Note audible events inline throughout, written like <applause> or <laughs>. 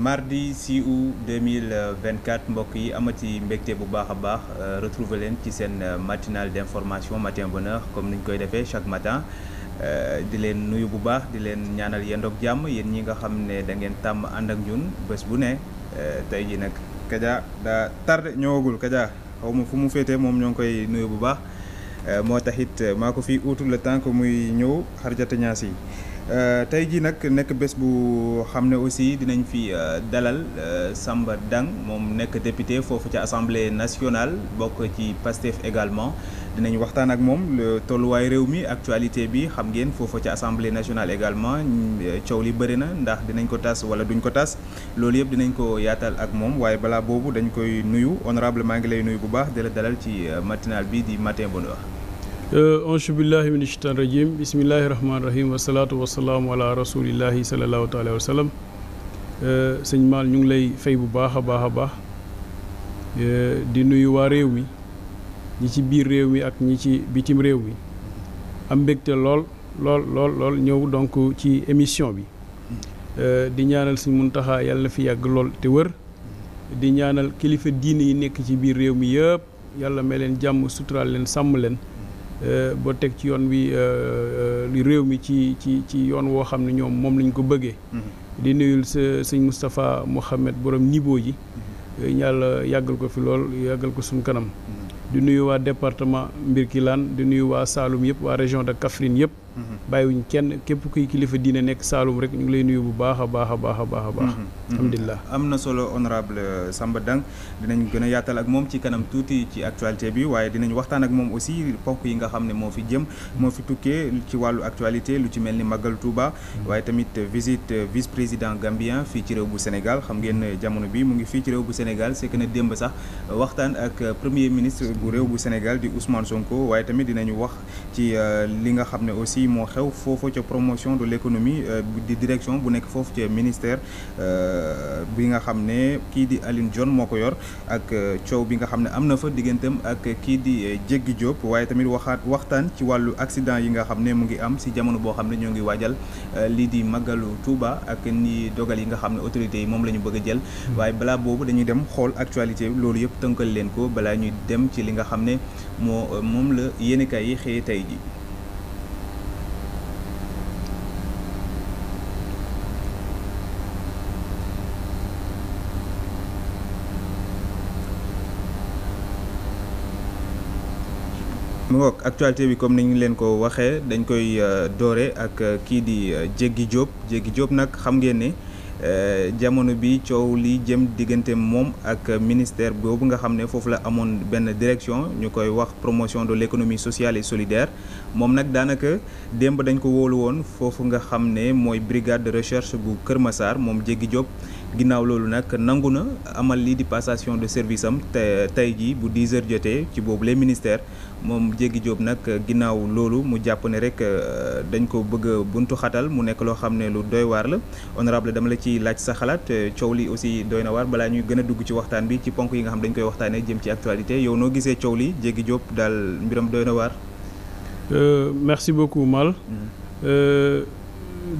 mardi 6 août 2024 mbokk yi amati mbégte bu baax a baax euh, retrouver leen ci seen euh, matinale d'information matin bonheur comme ni ñu koy defee chaque matin euh, di leen nuyu bu baax di leen ñaanal yendoog jàmm yéen ñi nga xam ne da ngeen tàmm ànd ak ñun bés bu ne tey ji nag Kaja daa tardé ñëwagul Kaja xaw ma fu mu féetee moom ñoo ngi koy nuyu bu baax moo tax it maa ko fi utul le temps que muy ñëw xarjata ñaas Euh, tey jii nag nekk bés bu xam ne aussi dinañ fi euh, dalal euh, Samba Dang moom nekk député foofu ca assemblée nationale bokk ci Pastef également dinañ waxtaan ak moom tolluwaay réew mi actualité bi xam ngeen foofu ci assemblée nationale également coow li bëri na ndax dinañ ko tas wala duñ ko tas loolu yëpp dinañ ko yaatal ak moom waaye balaa boobu dañ koy nuyu honorable maa ngi lay nuyu bu baax di la dalal ci matinal bi di matin bonheur Euh, anche billahi min shaitan rajim bismillahi rahmani rahim wasalaatu wasalaamu ala rasulillahi salallahu taala wa sallam euh, sëñ Maal ñu ngi lay fay bu baax a baax a baax euh, di nuyu waa réew ci biir réew mi ak ñi ci bitim réew mi am mbegte lool lool lool ñëw donc ci émission bi di ñaanal mun Muntaxa yàlla na fi yàgg lool te wër di ñaanal kilifa diine yi nekk ci biir réew mi yëpp yàlla may leen jàmm suturaal leen sàmm leen Euh, boo teg ci yoon wi euh, euh, li réew mi ci ci ci yoon woo xam ne ñoom moom lañu ko bëggee. Mm-hmm. di nuyul sa sëñ Moustapha Mohamed borom ñiboo ji. Mm-hmm. yàlla yàggal ko fi lool yàggal ko suñu kanam. Mm-hmm. di nuyu waa département Mbirkilaan di nuyu waa saalum yëpp waa région de Kaffrine yëpp. bàyyiwuñ kenn képp kuy kilifa diine nekk Saalum rek ñu ngi lay nuyu bu baax a baax a baax a baax a baax mhm, mhm. am na solo honorable euh, Samba Dang dinañ gën a yaatal ak moom ci kanam tuuti ci actualité bi waaye dinañ waxtaan ak moom aussi ponk yi nga xam ne moo fi jëm moo fi tukkee ci wàllu actualité lu ci mel ni Magal Touba mhm. waaye tamit visit euh, vice président gambien fii ci réew bu Sénégal xam ngeen jamono bi mu ngi fii ci réew bu Sénégal c'est que na démb sax waxtaan ak euh, premier ministre bu réew bu Sénégal di Ousmane Sonko waaye tamit dinañu wax ci li nga xam ne aussi moo xew foofu ca promotion de l'économie euh, di direction bu nekk foofu ca ministère euh, bi nga xam ne kii di Aline John moo ko yor ak euh, coow bi nga xam ne am na fa diggantam ak kii di Jéggi Diop waaye tamit waxaat waxtaan ci wàllu accident yi nga xam ne mu ngi am si jamono boo xam ne ñoo ngi waajal lii di màggalu Touba ak ni dogal yi nga xam ne autorités yi moom la ñu bëgg a jël hmm. waaye balaa boobu dañuy dem xool actualité loolu yëpp tënkal leen ko balaa ñuy dem ci li nga xam ne moo moom la mu ngoog actualité bi comme ni ñu leen ko waxee dañ koy euh, doore ak euh, kii di euh, Jéggi Diop Jéggi Diop nag xam ngeen ne jamono bi coow li jëm diggante moom ak ministère boobu nga xam ne foofu la amoon benn direction ñu koy wax promotion de l'économie sociale et solidaire moom nag daanaka démb dañ ko woolu woon foofu nga xam ne mooy brigade de recherche bu Kër Massar moom Jéggi Diop. ginnaaw loolu nag nangu na amal lii di passation de service am te tey jii bu 10 heures jotee ci boobu les ministères moom Diégui jóob nag ginnaaw loolu mu jàpp ne rek euh, dañ ko bëgg a buntu xatal mu nekk loo xam ne lu doy waar la honorable dama la ci laaj sa xalaat euh, coow li aussi doy na waar balaa ñuy gën a dugg ci waxtaan bi ci ponk yi nga xam dañ koy waxtaanee jëm ci actualité yow noo gisee coow li Diégui Diop daal mbiram doy na waar. Euh, merci beaucoup Mal. Mm.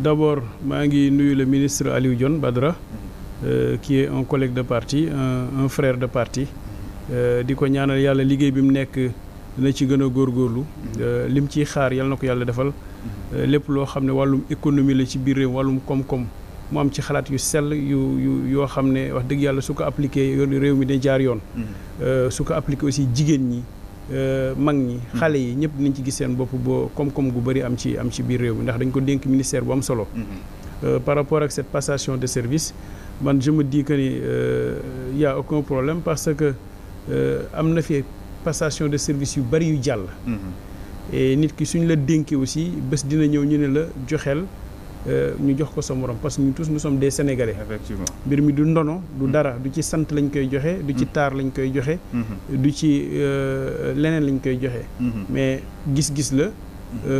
d' abord maa ngi nuyu le ministre Aliou Dione Badara. Mm. Euh, qui est un collègue de parti un, un frère de parti euh, di ko ñaanal yàlla liggéey bi mu nekk dina ci gën a euh, li mu ciy xaar yal na ko yàlla defal lépp loo xam ne wàllum économie la ci biir réew wàllum koom-koom am ci xalaat sell yu yu yoo xam ne wax dëgg yàlla su ko appliqué réew mi day jaar yoon su ko appliqué aussi jigéen ñi mag ñi xale yi ñëpp nañ ci giseen bopp boo koom-koom gu bëri am ci am ci biir réew mi ndax dañ ko dénk ministère bu am solo mm-hmm. par rapport ak cette passation de service man je me dis que ni euh, y aucun problème parce que euh, am na fi passation de service yu bari yu jàll. Mm-hmm. et nit ki suñ la dénkee aussi bés dina ñëw ñu ne la joxeel euh, ñu jox ko sa morom parce que ñu tous nous sommes des sénégalais. mbir mi du ndono. du mm-hmm. dara du ci sant lañ koy joxe. du ci mm-hmm. taar lañ koy joxe. du ci leneen lañ koy joxe. mais gis-gis la.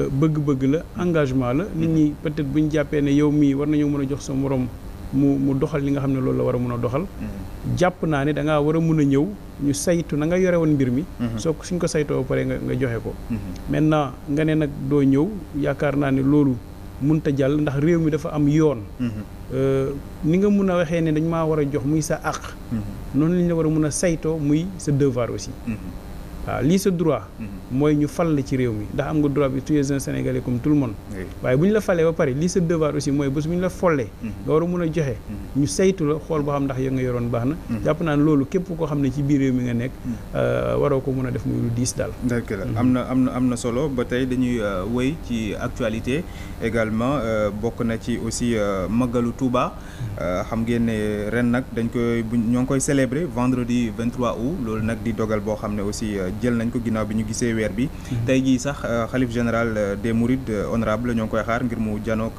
bëgg-bëgg la engagement la. nit ñi peut-être bu ñu jàppee ne yow mii war nañoo mën a jox sa morom. mu mu doxal li nga xam ne loolu la war a mun a doxal mm-hmm. jàpp naa ne da war a mun a ñëw ñu saytu na nga yore woon mbir mi mm-hmm. soo suñ ko saytoo ba pare nga nga joxe ko mm-hmm. maintenant nga ne nag doo ñëw yaakaar naa ne loolu munta jàll ndax réew mi dafa am yoon euh, ni nga mun a waxee ne dañ maa war a jox muy sa àq noonu lañ la war a mun a saytoo muy sa devoir aussi waaw ah, lii sa droit. Mhm. mooy ñu fal la ci réew mi ndax am nga droit bi tu es un sénégalais comme tout le monde. waaye bu ñu la falee ba pare lii sa devoir aussi mooy bés bu ñu la follee. Mhm. nga war a mun a joxe. Mhm. ñu saytu la xool boo xam ndax ya nga yoroon baax na. jàpp naa loolu képp ko xam ne ci biir réew mi nga nekk. Ah, waroo ko mun a def muy lu diis daal. dëgg la am na am na am na solo ba tey dañuy ah, wëy ci actualité également bokk na ci aussi maggalu Touba xam ngeen ne ren nag dañ koy ñoo ngi koy célébrer vendredi 23 août loolu nag di dogal boo xam ne aussi. jël nañ ko ginnaaw bi ñu gisee weer bi mhm. tey jii sax xalif euh, général euh, de mourides euh, honorable ñoo koy xaar ngir mu janook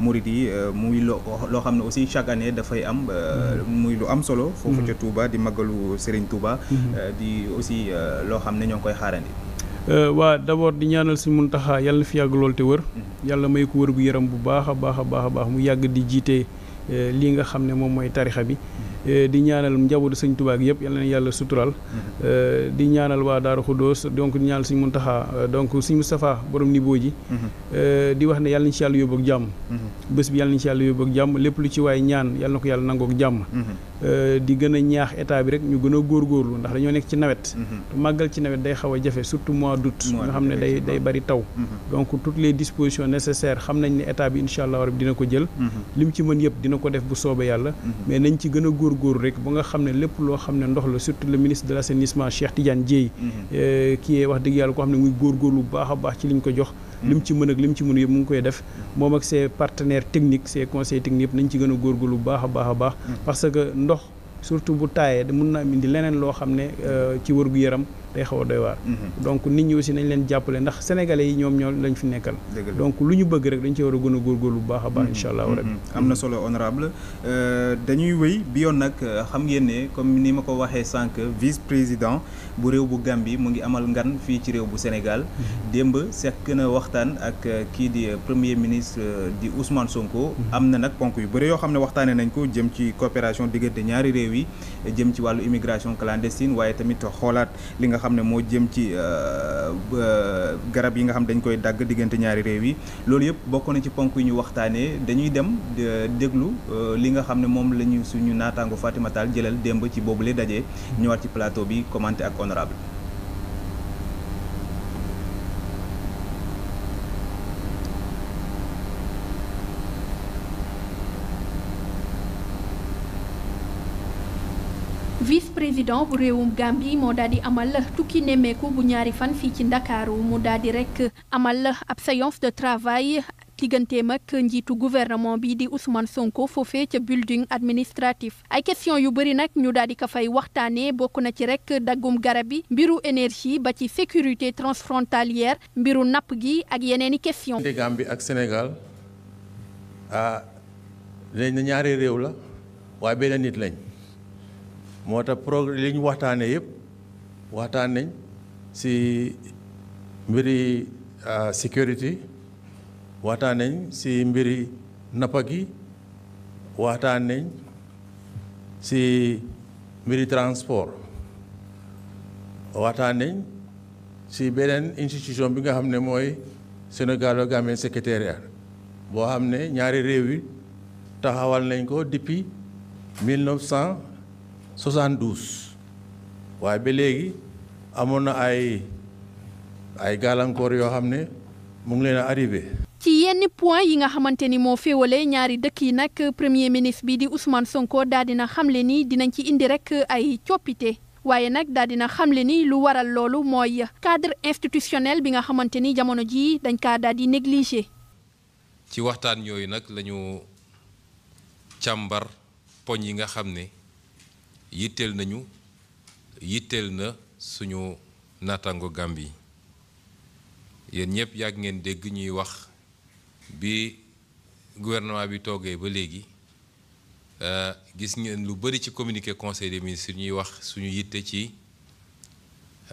mouride yi muy loo loo xam ne aussi chaque année dafay am mhm. muy lu am solo foofu mhm. ca Touba di màggalu Serigne Touba di aussi loo xam ne ñoo ngi koy xaarandi waa d'abord di ñaanal si Muntaxa yàlla na fi yàgg lool te wër yàlla may ko wër gu yaram bu baax a baax a baax baax mu yàgg di jiite lii nga xam ne moom mooy tarixa bi Eh, di ñaanal njabootu sëñ Tuubaa yëpp yal na yàlla sutural mm-hmm. eh, di ñaanal waa Daaru Xuddoos donc di ñaanal sëñ Muntaxa eh, donc sëñ Moustapha borom niveau ji mm-hmm. di wax ne yàlla nañ ci yàlla yóbbu ak jàmm mm-hmm. bés bi yàlla nañ ci yàlla yóbbu ak jàmm lépp lu ci waaye ñaan yàlla na ko yàlla nangoo jàmm Euh, di gën a ñaax état bi rek ñu gën a góorgóorlu ndax dañoo nekk ci nawet mhm. màggal ci nawet day xaw a jafe surtout mois d' août nga xam ne day day bari taw mhm. donc toutes les dispositions nécessaires xam nañ ne état bi incha allah rabbi dina ko jël mhm. lim ci mën yëpp dina ko def bu soobee yàlla mais nañ ci gën a góorgóorlu rek ba nga xam ne lépp loo xam ne ndox la surtout le ministre de l' assainissement Cheikh Tidiane Dièye kii euh, wax dëgg yàlla ko xam ne muy góor bu baax a baax ci liñ ko jox li mu ci mën ak li mu ci mën yëpp mu ngi koy def moom ak ses partenaires techniques ses conseils techniques yëpp nañ ci gën a góorgóorlu bu baax a baax a baax mm. parce que ndox surtout bu taayee mën na indi leneen loo xam ne euh, ci war gu yaram day xaw a doy waar mm-hmm. donc nit ñi aussi nañ leen jàppale ndax sénégalais yi ñoom ñoom lañ fi nekkal donc lu ñu bëgg rek dañ ci war a gën a góorgóorlu bu baax a baax incha allah rabbi mm-hmm. am na solo honorable euh, dañuy wéy bi yoon nag xam ngeen ne comme ni ma ko waxee sànq vice président bu réew bu Gambie mu ngi amal ngan fii ci réew bu senegal mhm. démb sekk na waxtaan ak euh, kii di euh, premier ministre euh, di Ousmane Sonko mhm. am na nag ponk yu bëri yoo xam ne waxtaanee nañ ko jëm ci coopération diggante ñaari réew yi jëm ci wàllu immigration clandestine waaye tamit xoolaat li nga xam ne moo jëm ci garab yi nga xam dañ koy dagg diggante ñaari réew yi loolu yëpp bokk na ci ponk yu ñu waxtaanee dañuy dem déglu li nga xam ne moom la ñu suñu naataango Fatima Tall jëlal démb ci boobu le dajee mhm. bi commenté honorable vice président bu réewum Gambie moo daldi di amal tukki nemmeeku bu ñaari fan fii ci ndakaaru mu daldi rekk rek amal ab séance de travail diggante mag njiitu gouvernement bi di Ousmane Sonko foofee ca building administratif ay question yu bëri nag ñu daal di ko fay waxtaanee bokk na ci rek daggum garab yi mbiru énergie ba ci sécurité transfrontalière mbiru napp gi ak yeneen i question Gambie ak Sénégal ah léegi na ñaari réew la waaye benn nit lañ moo tax progrès li ñu waxtaanee yëpp waxtaan nañ si mbiri ah, sécurité waxtaan nañ si mbiri nappa gi waxtaan nañ si mbiri transport waxtaan nañ si beneen institution bi nga xam ne mooy Sénégalo Gambien secrétariat boo xam ne ñaari réew yi taxawal nañ ko depuis 1972 waaye ba léegi amoon na ay ay gàllankoor yoo xam ne mu ngi leen a arrivé ci yenn point yi nga xamante ni moo féewale ñaari dëkk yi nag premier ministre bi di Ousmane Sonko daal dina xamle ni dinañ ci indi rek ay coppite waaye nag daal dina xamle ni lu waral loolu mooy cadre institutionnel bi nga xamante ni jamono jii dañ kaa daal di négligé. ci waxtaan yooyu nag lañu càmbar poñ yi nga xam ne yitteel nañu yitteel na suñu naataango Gàmbi yéen ñëpp yàgg ngeen dégg ñuy wax. bi gouvernement bi toogee ba léegi euh, gis ngeen lu bëri ci communiqué conseil des ministres ñuy wax suñu yitte ci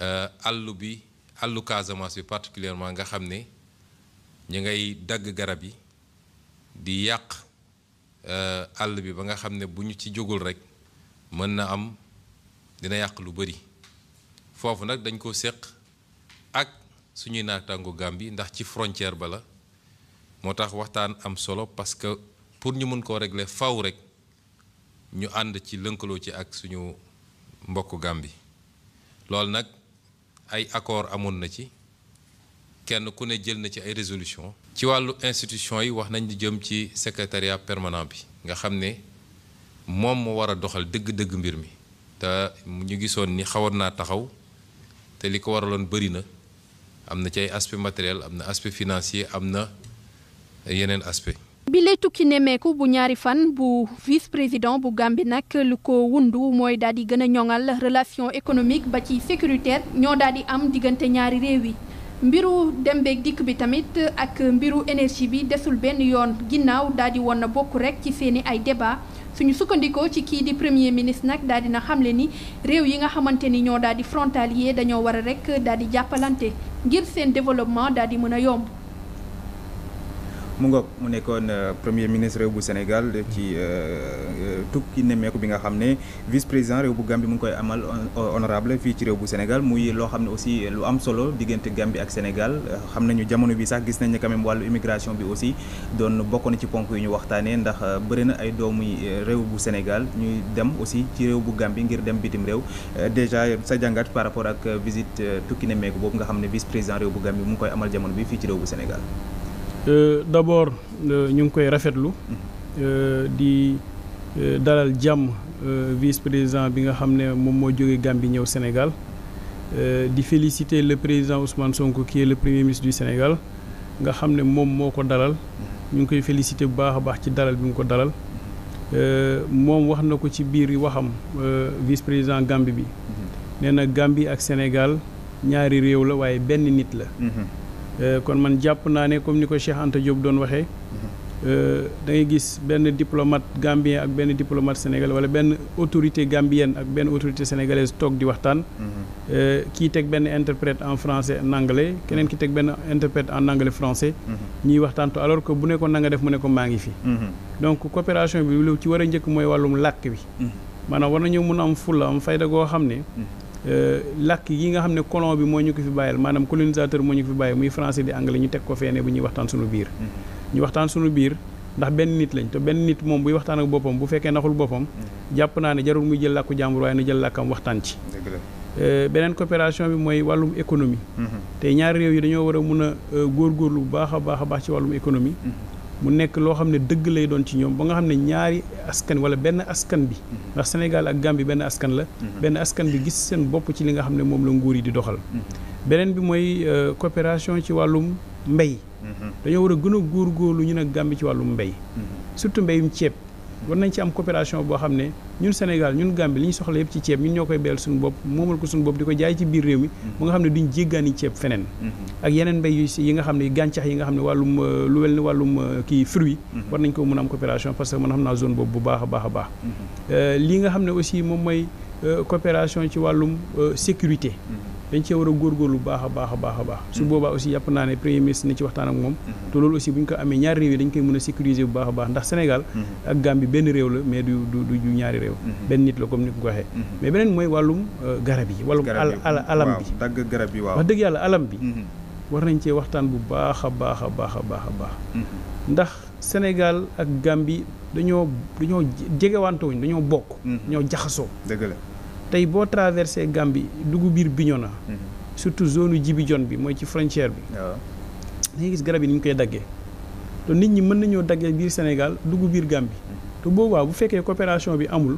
euh, àll bi àllu Casamance bi particulièrement nga xam ne ñu ngay dagg garab yi di yàq euh, àll bi ba nga xam ne bu ñu ci jógul rek mën na am dina yàq lu bëri foofu nag dañ ko séq ak suñuy naataango Gàmbi ndax ci frontière ba la moo tax waxtaan am solo parce que pour ñu mën koo régler faw rek ñu ànd ci lënkaloo ci ak suñu mbokku Gàmbi loolu nag ay accord amoon na ci kenn ku ne jël na ci ay résolution ci wàllu institution yi wax nañ jëm ci secrétariat permanent bi nga xam ne moom moo war a doxal dëgg-dëgg mbir mi te ñu gisoon ni xawoon naa taxaw te li ko waraloon bëri na am na ci ay aspect matériel am na aspect financier am na yeneen tukki nemmeeku bu ñaari fan bu vice président bu Gambie nag lu ko wundu mooy daal di gën a ñoŋal relation économique ba ci sécuritaire ñoo daal di am diggante ñaari réew yi mbiru dem beeg dikk bi tamit ak mbiru énergie bi desul benn yoon ginnaaw daal di woon na bokk rek ci seeni ay débat suñu sukkandikoo ci kii di premier ministre nag daal dina xamle ni réew yi nga xamante ni ñoo daal di frontalier dañoo war a rek daal di jàppalante ngir seen développement daal di mën a yomb. mu ngoog mu nekkoon euh, premier ministre réew bu Sénégal ci euh, euh, tukki nemmeeku bi nga xam ne vice président réew bu Gambie mu ngi koy amal honorable fii ci réew bu Sénégal muy loo xam ne aussi lu am solo diggante Gambie ak Sénégal xam nañu jamono bi sax gis nañ ne quand même wàllu immigration bi aussi doon bokk na ci ponk yu ñu waxtaanee ndax bëri na ay doomu réew bu Sénégal ñuy dem aussi ci réew bu Gambie ngir dem bitim réew déjà sa jàngat par rapport ak visite tukki nemmeeku boobu nga xam ne vice président bu Gambie mu koy amal jamono bi fii ci réew bu Sénégal Euh, d'abord euh, ñu ngi koy rafetlu euh, di dalal jàmm vice président bi nga xam ne moom moo jógee Gambie ñëw Sénégal di féliciter le président Ousmane Sonko qui est le premier ministre du Sénégal nga xam ne moom moo ko dalal ñu ngi koy féliciter bu baax a baax ci dalal bi mu ko dalal moom wax na ko ci biir waxam vice président Gambie bi mhm. nee na Gambie ak Sénégal ñaari réew la waaye benn nit la mhm. Euh, kon man jàpp naa ne comme ni ko Cheikh Anta Diop doon waxee mhm. euh, da ngay gis benn diplomate gambien ak benn diplomate sénégal wala benn autorité gambienne ak benn autorité sénégalaise toog di waxtaan mhm. euh, kii teg benn interprète en français en keneen ki teg benn interprète en anglais français mhm. ñuy waxtaan to alors que bu ne ko na nga def mu ne ko maa ngi fi donc coopération bi lu ci war a njëkk mooy wàllum làkk bi maanaam war nañu mun a am fulla am fayda goo xam ne Euh, làkk yi nga xam ne colon bi moo ñu ko fi bàyyil maanaam colonisateur moo ñu ko fi bàyyi muy français di anglais ñu teg ko feene bu ñuy waxtaan suñu biir mm-hmm. ñu waxtaan suñu biir ndax benn nit lañ te benn nit moom buy waxtaan ak boppam bu fekkee naxul boppam mm-hmm. jàpp naa ne jarul muy jël làkku jàmbur waaye na jël làkkam waxtaan ci euh, beneen coopération bi mooy wàllum économie mm-hmm. te ñaari réew yi dañoo war a mun a euh, góorgóorlu lu baax a baax a baax ci wàllum économie mu nekk loo xam ne dëgg lay doon ci ñoom ba nga xam ne ñaari askan wala benn askan bi mm-hmm. ndax Sénégal ak Gambie benn askan la mm-hmm. benn askan bi gis seen bopp ci li nga xam ne moom la nguur yi di doxal mm-hmm. beneen bi mooy euh, coopération ci wàllum mbéy dañoo war a gën a lu ñu ne Gambie ci wàllum mbéy surtout mbéyum ceeb war nañ ci am coopération boo xam ne ñun Sénégal ñun Gambie li ñu soxla yëpp ci ceeb ñun ñoo koy béyal suñu bopp moomal ko suñu bopp di ko jaay ci biir réew mi mu nga xam ne duñ jéggaani ceeb feneen mhm. ak yeneen mbéy yu yi nga xam ne gàncax yi nga xam ne wàllum euh, lu wel ni wàllum euh, kii fruit mhm. war nañ ko mën am coopération parce que man xam naa zone boobu bu baax a baax a baax mhm. euh, lii nga xam ne aussi moom mooy coopération ci wàllum sécurité dañ cee war a góorgóorlu baax a baax a baax a baax su mm-hmm. boobaa aussi yàpp naa ne premier ministre na ci waxtaan ak moom mm-hmm. te loolu aussi bu ñu ko amee ñaari réew yi dañ koy mën a sécuriser bu baax a baax ndax Sénégal mm-hmm. ak Gambie benn réew la mais du du du ñaari réew benn nit la comme ni ko waxee mais beneen mooy euh, wàllum garab yi wàllum al alam bi dagg garab yi waaw wax dëgg yàlla bi war nañ cee waxtaan bu baax a baax a baax a baax a baax ndax Sénégal ak Gambie dañoo dañoo jegewantewuñ dañoo bokk dañoo jaxasoo dëgg tey boo traversé Gambie dugub biir Bignona. Mhm. surtout zone jibi Djibidione bi mooy ci frontière bi. waaw dañuy gis garab yi ni ñu koy daggee. te nit ñi mën nañoo daggee biir Sénégal dugg biir Gambie. Mhm. te boobaa bu fekkee coopération bi amul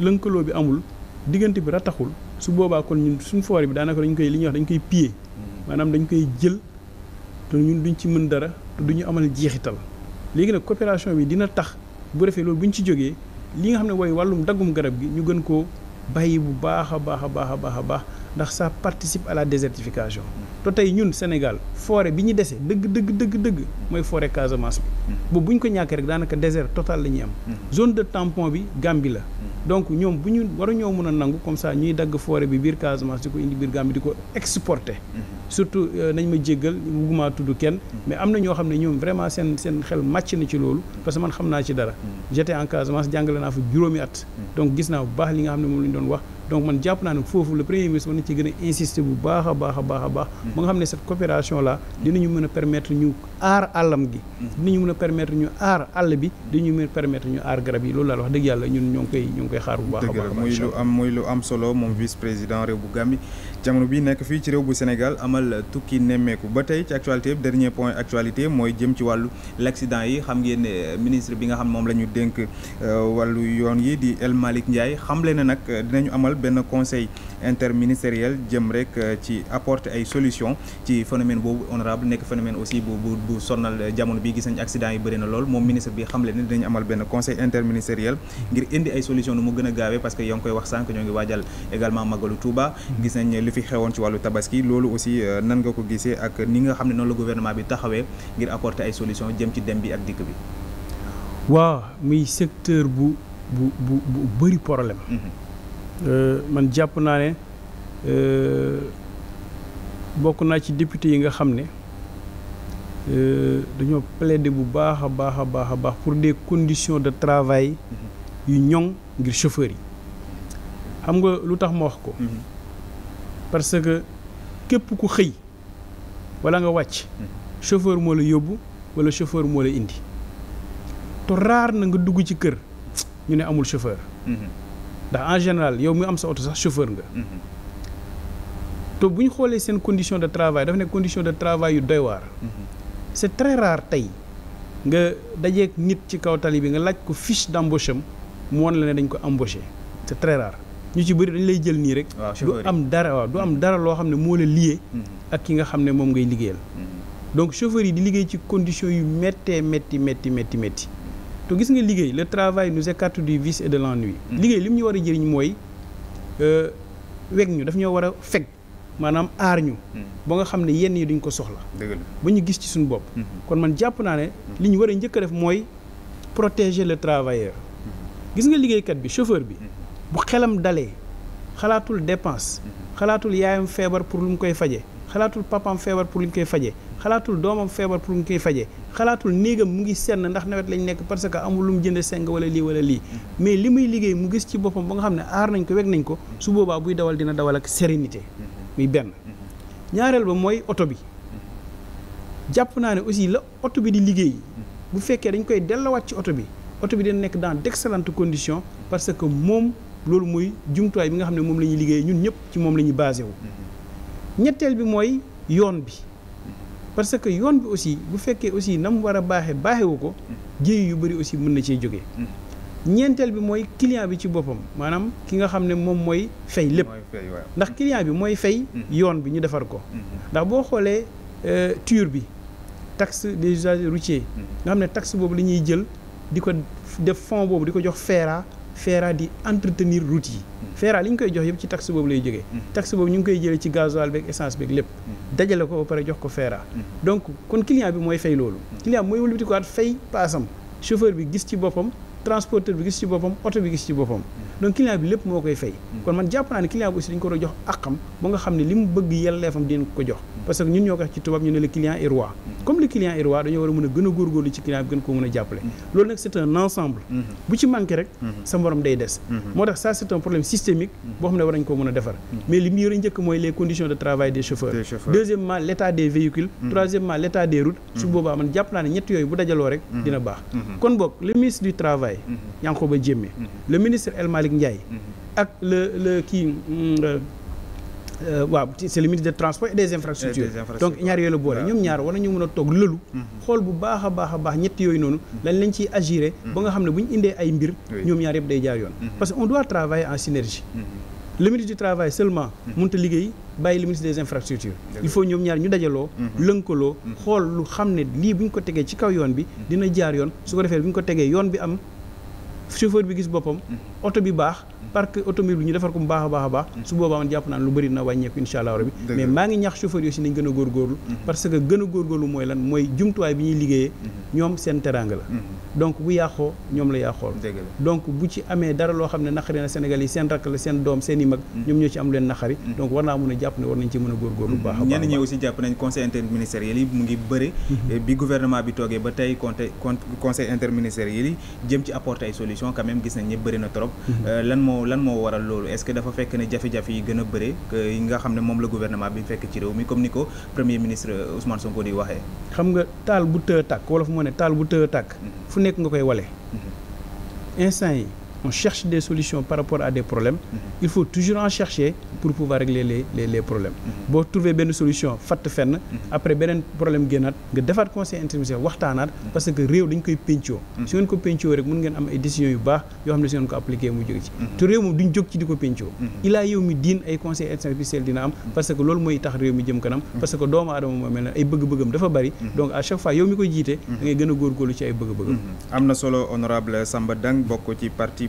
lënkaloo bi amul diggante bi rataxul su boobaa kon ñun suñu foore bi daanaka dañ koy li ñuy wax dañ koy piller. Mhm. maanaam dañu koy jël te ñun duñ ci mën dara te duñu amal jeexital. léegi nag coopération bi dina tax bu defee loolu buñ ci jógee li nga xam ne mooy wàllum daggum garab gi ñu gën koo. bàyyi bu baax a baax a baax a baax a baax ndax sa participe à la désertification te tey ñun Sénégal fore bi ñu desee dëgg dëgg dëgg dëgg mooy forêt Casamance bi boobu mm. ñu ko ñàkkee rek daanaka désert total la ñuy am mm. zone de tampon bi Gambie la mm. donc ñoom bu ñu war a waruñoo mën a nangu comme ça ñuy dagg forêt bi biir Casamance di ko indi biir Gambie di ko exporter. Mhm. surtout euh, nañ ma jéggal bëgguma tudd kenn. Mhm. mais am na ñoo xam ne ñoom vraiment seen seen xel màcc na ci loolu. parce que man xam naa ci dara. Mhm. j'étais en Casamance jàngale naa fa juróomi at. donc gis naa bu baax li nga xam ne moom la ñu doon wax. donc man jàpp naa ne foofu la premier ministre war na ci gën a insister bu baax a baax a baax a baax hmm. ba nga xam ne cette coopération là dinañu mën permettre ñu aar àllam gi hmm. dinañu mën a permettre ñu aar àll bi dinañu mën a permettre ñu aar garab yi loolu daal wax dëgg yàlla ñun ñoo ngi koy ngi koy xaar bu baax a baax muy lu am muy lu am solo moom vice président réew bu Gambie jamono bi nekk fii ci réew bu Sénégal amal tukki nemmeeku ba tey ci actualité bi dernier point actualité mooy jëm ci wàllu l'accident yi xam ngeen ne ministre bi nga xam moom la ñu dénk euh, wàllu yoon yi di El Malick Ndiaye xamle na nag dinañu amal benn conseil interministériel jëm rek euh, ci apporter ay solution ci phénomène boobu honorable nekk phénomène aussi bu bu bu sonnal jamono bi gis nañ accident yi bëri lool moom ministre bi xamle ne dinañu amal benn conseil interministériel ngir indi ay solution nu mu gën que yaa ngi koy wax sànq li fi xewoon ci wàllu tabaski loolu aussi euh, nan nga ko gisee ak ni nga xam ne noonu la gouvernement bi taxawee ngir apporter ay solution jëm ci dem bi ak dikk bi. waaw muy secteur bu bu bu bu bëri problème. Mhm. Euh, man jàpp naa ne euh, bokk naa ci député yi nga xam ne dañoo plaider bu baax a baax a baax a baax pour des condition de travail mhm. yu ñoŋ ngir chauffeurs yi xam nga lu tax ma wax ko. Mhm. parce que képp ku xëy wala nga wàcc chauffeur moo la yóbbu wala chauffeur moo la indi te raar na nga dugg ci kër ñu ne amul chauffeur ndax en général yow mu am sa oto sax chauffeur nga te bu ñu xoolee seen condition de travail dafa ne condition de travail yu doy waar c'est très tey nga dajeeg nit ci kaw tali bi nga laaj ko fiche d'embauche am mu woon la ne dañ ko embauché c'est très ñu ci bëri dañ lay jël nii rek. du am dara waaw du am dara loo xam ne moo la lié. Mm-hmm. ak ki nga xam ne moom ngay liggéeyal. Mm-hmm. donc chauffeurs yi di liggéey ci condition yu méttee métti métti métti métti. te gis nga liggéey le travail nous écarte du vice et de l'ennui. Mm-hmm. mu ñu war a jëriñ mooy euh, weg ñu daf ñoo war a fekk maanaam aar ñu. ba nga xam ne yenn yi duñ ko soxla. ba ñu gis ci suñu bopp. kon man jàpp naa ne. li ñu war a njëkk a def mooy protéger le travailleur. gis nga liggéeykat bi chauffeur bi. bu xelam dalee xalaatul dépense xalaatul yaayam feebar pour lu mu koy faje xalaatul papam feebar pour lu ñu koy faje xalaatul doomam feebar pour lu ñu koy faje xalaatul néegam mu ngi senn ndax nawet lañ nekk parce que amul lu mu jënd seng wala lii wala lii mais li muy liggéey mu gis ci boppam ba nga xam ne aar nañ ko weg nañ ko su boobaa buy dawal dina dawal ak sérénité muy benn ñaareel ba mooy oto bi jàpp naa ne aussi la oto bi di liggéey bu fekkee dañ koy dellowaat ci oto bi oto bi dina nekk dans d'excellentes conditions parce que moom loolu mooy jumtuwaay bi nga xam ne moom la ñuy liggéey ñun ñëpp ci moom la ñuy wu. ñetteel bi mooy yoon bi parce que yoon bi aussi bu fekkee aussi na mu war a baaxee baaxewu ko jéey yu bari aussi mën na cee jóge ñeenteel bi mooy client bi ci boppam maanaam ki nga xam ne moom mooy fay lépp ndax client bi mooy fay mm-hmm. yoon bi ñu defar ko mm-hmm. ndax boo xoolee euh, tur bi taxe des usagers routiers mm-hmm. nga xam ne taxe boobu la ñuy jël di ko def fonds boobu di ko jox feera FERA di entretenir route yi. Hmm. FERA li ñu koy jox yëpp ci taxe boobu lay jógee. Hmm. taxe boobu ñu ngi koy jëlee ci gasoil beeg essence beeg lépp. Hmm. dajale ko ba pare jox ko FERA. donc kon client bi mooy fay loolu. client bi mooy wëlbatikuwaat fay paasam chauffeur bi gis ci boppam transporteur bi gis ci boppam oto bi gis ci boppam. donc client bi lépp moo koy fay mm. kon man jàpp naa ne client bi aussi dañu ko war a jox àqam ba nga xam ne li mu bëgg yelleefam dinañ ko jox mm. parce que ñun ñoo ko ci tubaab ñu ne le client est mm. comme le client est roi war a mën a gën a góorgóorlu ci client bi gën koo mën a jàppale loolu nag c'est ensemble mm-hmm. bu ci manqué rek mm-hmm. sa morom day des mm-hmm. moo tax ça c'est problème systémique boo xam ne war nañ ko mën a defar mais li mu yore njëkk mooy Malick Ndiaye. Mm-hmm. ak le le kii. Mm, euh, euh, waaw c' est le ministre des transports et des infrastructures donc ñaar yooyu la boole ñoom ñaar war nañu mën a toog lëlu mm-hmm. xool bu baax a baax a baax ñett yooyu noonu mm-hmm. lañ lañ ciy agiré ba nga xam ne bu ñu indee ay mbir ñoom ñaar yëpp day jaar yoon parce que on doit en synergie le ministre seulement mënut a liggéey bàyyi le des infrastructures il faut ñoom ñaar ñu dajaloo lënkaloo xool lu xam ne lii bu ko tegee ci kaw yoon bi dina jaar yoon chauffeur bi gis boppam mm-hmm. oto bi baax parc automobile bi ñu defar ko mu baax a baax a baax mm-hmm. su boobaa man jàpp naan lu bëri na wàññeeku insha allah rabbi mais maa ngi ñax chauffeur yi aussi nañ gën a góorgóorlu mm-hmm. parce que gën a góorgóorlu mooy lan mooy jumtuwaay bi ñuy liggéeyee mm-hmm. ñoom seen teranga la donc bu yàqoo ñoom la yàqool donc bu ci amee dara loo xam ne naqari na Sénégal yi seen rakk la seen doom seen i mag ñoom ñoo ci am leen naqari donc war naa mën a jàpp ne war nañ ci mën a góorgóorlu bu baax a baax ñenn ñi solution quand même gis nañ moo lan moo waral loolu est-ce que dafa fekk ne jafe-jafe yi gën a bëre yi nga xam ne moom la gouvernement bi fekk ci réew mi comme ni ko premier ministre euh, Ousmane Sonko di waxee. xam nga taal bu tëë tàkk wolof moo ne taal bu tëë tàkk. Mhm. fu nekk nga koy wale. Mhm. instant yi on cherche des solutions par rapport à des problèmes mhm. il faut toujours en chercher pour pouvoir régler les les, les problèmes mhm. boo trouver benn solution fatt fenn mhm. après beneen problème génnaat nga defaat conseil interministériel waxtaanaat parce que réew dañ koy pencoo su ngeen ko pencoo rek mën ngeen am ay décisions yu baax yoo xam ne su ngeen ko appliquer mu jóg ci te réew moom duñ jóg ci di ko pencoo ilaa yow mi diin ay conseil interministériel dina am parce que loolu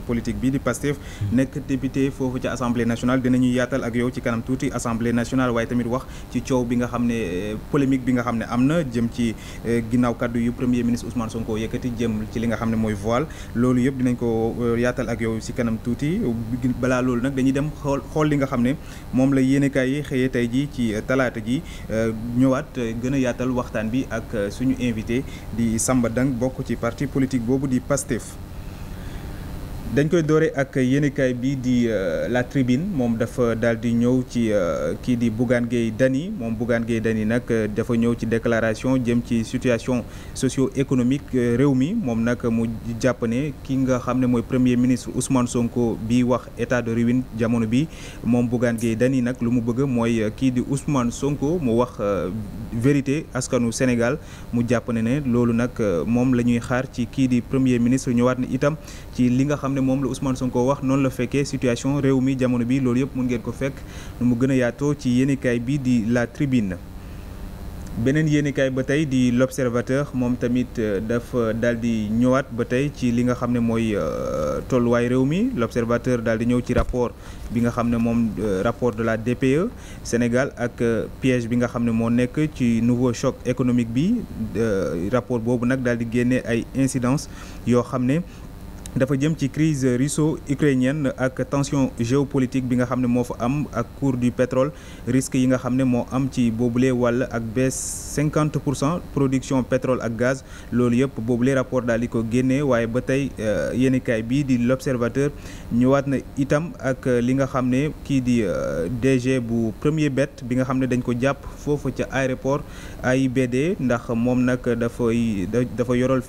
parti politique bi di PASTEF nekk député foofu ci assemblée nationale dinañu yaatal ak yow ci kanam tuuti assemblée nationale waaye tamit wax ci coow bi nga xam ne euh, polémique bi nga xam ne am na jëm ci euh, ginnaaw kàddu yu premier ministre Ousmane Sonko yëkkati jëm ci li nga xam ne mooy voile loolu yëpp dinañ ko euh, yaatal ak yow ci kanam tuuti balaa loolu nag dañuy dem xool xool li nga xam ne moom la yéenekaay yi xëyee tey ji ci talaata ji ñëwaat gën a yaatal waxtaan bi ak suñu invité di Samba Dang bokk ci parti politique boobu di PASTEF dañ koy doore ak yéenekaay bi di euh, La Tribune moom dafa daal di ñëw ci euh, kii di Bougane Gueye Dany moom Bougane Gueye Dany nag euh, dafa ñëw ci déclaration jëm ci situation socio-économique réew mi moom nag mu jàpp ne ki nga xam ne mooy premier ministre Ousmane Sonko bi wax état de ruine jamono bi moom Bougane Gueye Dany nag lu mu bëgg mooy kii di Ousmane Sonko mu wax vérité askanu Sénégal mu jàpp ne ne loolu nag moom la ñuy xaar ci kii di premier ministre ñëwaat na itam li nga xam ne moom la Ousmane ko wax noonu la fekkee situation réew mi jamono bi loolu yëpp mun ngeen ko fekk nu mu gën a yaatoo ci yéenekaay bi di La Tribune. beneen yéenekaay ba tey di l'observateur moom tamit euh, dafa daal di ñëwaat ba tey ci li nga xam ne mooy euh, tolluwaay réew mi l'observateur daal di ñëw ci rapport bi nga xam ne moom euh, rapport de la DPE Sénégal ak piège bi nga xam ne moo nekk ci nouveau choc économique bi rapport boobu nag daal di génne ay incidences yoo xam ne. dafa jëm ci crise russo-ukrainienne ak tension géopolitique bi nga xam ne moo fa am ak cours du pétrole risque yi nga xam ne moo am ci boobule wàll ak baisse 50 pour cent production pétrole ak gaz loolu yëpp boobule rapport daal di ko génnee waaye ba tey euh, yéenekaay bii di l'Observateur ñëwaat na itam ak euh, li nga xam ne kii di euh, DG bu Premier Bet bi nga xam ne dañ ko jàpp foofu ca aéroport AIBD ndax moom nag dafay dafa yoral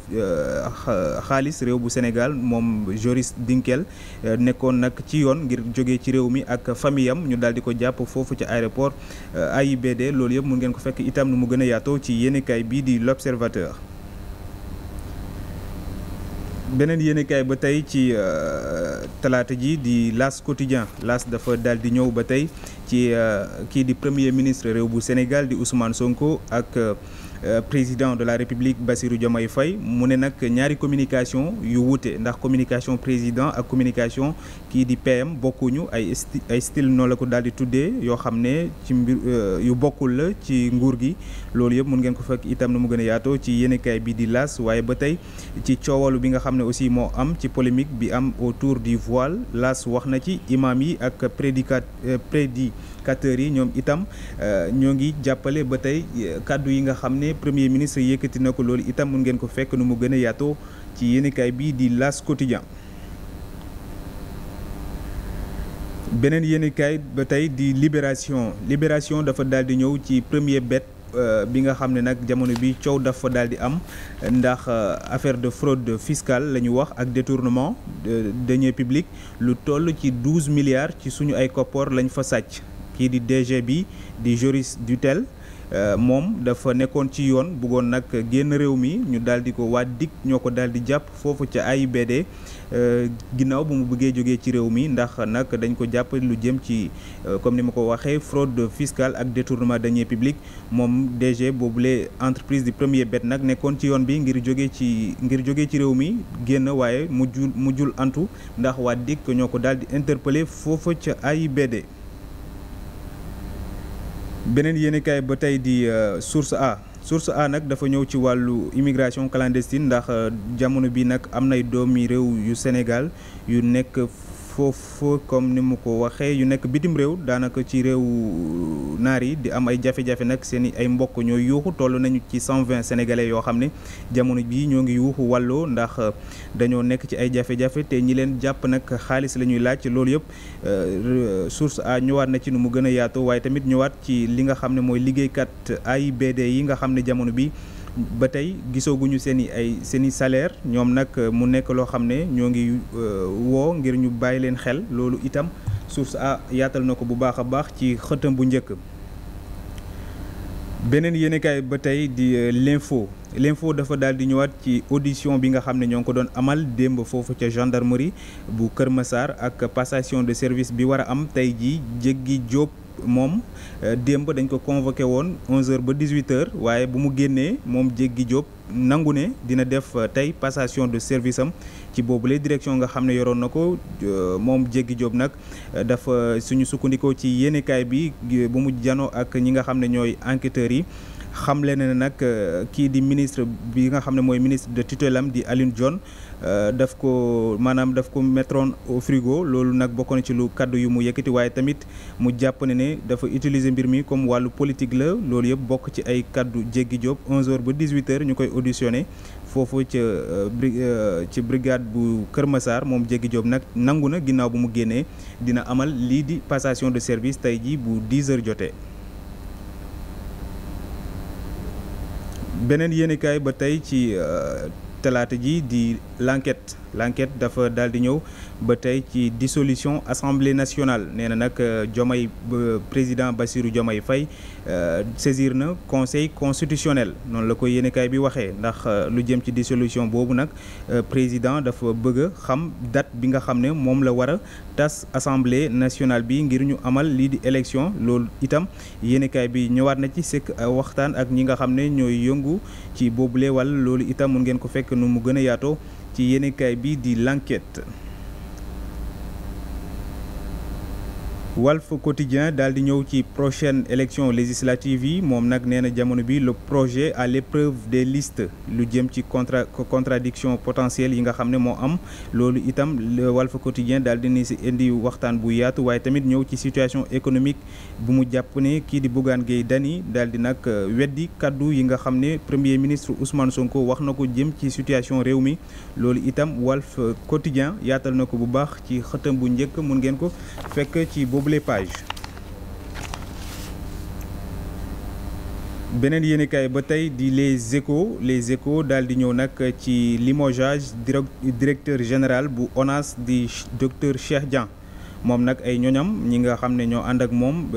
xaalis réew bu Sénégal moom Joris Dinkel euh, nekkoon nag ci yoon ngir jóge ci réew mi ak famille ñu daal di ko jàpp foofu ci aéroport euh, AIBD loolu yëpp mun ngeen ko fekk itam nu mu gën a yaatoo ci yéenekaay bii di L'Observateur beneen yéenekaay ba tey ci euh, talaata ji di L'As quotidien L'As dafa daal di ñëw ba tey ci kii di premier ministre réew bu senegal di Ousmane Sonko ak Euh, président de la république basiru Diomaye Faye mu ne nag ñaari communication yu wuute ndax communication président ak communication kii di PM bokkuñu ay ay style noonu la ko daal di tuddee yoo xam ne ci mbir euh, yu bokkul la ci nguur gi loolu yëpp mun ngeen ko fekk itam na mu gën a yaatoo ci yéenekaay bi di las waaye ba tey ci coowalu bi nga xam ne aussi moo am ci polémique bi am autour du voile las wax na ci imam yi ak prédicat euh, prédi katër yi ñoom itam euh, ñoo ngi jàppale ba tey euh, kàddu yi nga xam ne premier ministre yëkkati na ko loolu itam mun ngeen ko fekk nu mu gën a ci yéenekaay bi di L'As Quotidien beneen yéenekaay ba tey di Libération Libération dafa daal di ñëw ci premier bet euh, bi nga xam ne nag jamono bi coow dafa daal di am ndax affaire de fraude fiscale la ñu wax ak détournement de deniers publics lu toll ci douze milliards ci suñu ay koppoor lañ fa sàcc kii di DG bi di Joris Dutel euh, moom dafa nekkoon ci yoon bëggoon nag génn réew mi ñu daal di ko waa DIC ñoo ko daal di jàpp foofu ca AIBD euh, ginnaaw bu mu bëggee jógee ci réew mi ndax nag dañ ko jàpp lu jëm ci euh, comme ni ma ko waxee fraude fiscale ak détournement deniers publics moom DG boobule entreprise du Premier Bet nag nekkoon ci yoon bi ngir jógee ci ngir jógee ci réew mi génn waaye mujjul mujjul antu ndax waa DIC ñoo ko daal di interpellé foofu ca AIBD. beneen yéenekaay ba tey di euh, source A source A nag dafa ñëw ci wàllu immigration clandestine ndax euh, jamono bi nag am nay doomi réew yu Sénégal yu nekk. foofu comme ni mu ko waxee yu nekk bitim réew daanaka ci réew naar yi di am ay jafe-jafe nag seen ay mbokk ñooy yuuxu toll nañu ci san 120 sénégalais yoo xam ne jamono bii ñoo ngi yuuxu wàllu ndax dañoo nekk ci ay jafe-jafe te ñi leen jàpp nag xaalis lañuy ñuy loolu yëpp euh, source a ñëwaat na ci nu mu gën a yaatu waaye tamit ñëwaat ci li nga xam ne mooy liggéeykat ay AIBD yi nga xam ne jamono bi ba tey gisooguñu seen i ay seeni i salaire ñoom nag euh, mu nekk loo xam ne ñoo ngi euh, woo ngir ñu bàyyi leen xel loolu itam source ah yaatal na ko bu baax a baax ci xëtam bu njëkk beneen yéenekaay ba tey di euh, l'info l'info dafa daal di ñëwaat ci audition bi nga xam ne ñoo ngi ko doon amal démb foofu ca gendarmerie bu Kër Massar ak passation de service bi war a am tey ji jéggi Jóob moom euh, démb dañ ko convoqué woon 11h ba 18h waaye bu mu génnee moom Jéggi Diop nangu ne dina def euh, tey passation de service am ci boobu boobule direction nga xam ne yoroon na ko euh, moom Jéggi Diop nag dafa suñu sukkandikoo ci yéenekaay bi bu mu janoo ak ñi nga xam ne ñooy enquêteurs yi. xam leen ne nag kii di ministre bi nga xam ne mooy ministre de tutelle am di Alioune Dione Euh, daf ko maanaam daf ko metron au frigo loolu nag bokk na ci lu kàddu yu mu yëkkati waaye tamit mu jàpp ne ne dafa utiliser mbir mi comme wàllu politique la loolu yëpp bokk ci ay kaddu jéggi Diop 11h ba 18h ñu koy auditionné foofu ca euh, euh, ci brigade bu Kër masaar moom jéggi Diop nag nangu na ginnaaw bu mu génnee dina amal lii di passation de service tey jii bu 10h jotee. beneen yéenekaay ba tey ci. talaata ji di l'enquête l'enquête dafa daal di ñëw ba tey ci dissolution assemblée nationale nee na nag euh, Diomaye euh, président Bassirou Diomaye Faye Euh, saisir na conseil constitutionnel noonu la ko yéenekaay bi waxee ndax euh, lu jëm ci dissolution boobu nag euh, président dafa bëgg a xam dat bi nga xam ne moom la war a tas assemblée nationale bi ngir ñu amal lii di élection loolu itam yéenekaay bi ñëwaat na ci sekk waxtaan ak ñi nga xam ne ñooy yëngu ci boobule wàll loolu itam mun ngeen ko fekk nu mu gën a yaatoo ci yéenekaay bi di l'enquête Walf Quotidien daal di ñëw ci prochaine élection législative yi moom nag nee na jamono bi le projet à l'épreuve de liste lu jëm ci contra contradiction potentielle yi nga xam ne moo am loolu itam Walf Quotidien daal di ni si indi waxtaan bu yaatu waaye tamit ñëw ci situation économique bu mu jàpp ne kii di Bougane Gueye Dany daal di nag euh, weddi kaddu yi nga xam ne premier ministre Ousmane Sonko wax na ko jëm ci situation réew mi loolu itam Walf Quotidien yaatal na ko bu baax ci xëtam bu njëkk mun ngeen ko boobu les beneen yéenekaay ba tey di les échos les échos daal di ñëw nag ci limogeage directeur général bu ONAS di docteur Cheikh Dieng moom nag ay ñoñam ñi nga xam ne ñoo ànd ak moom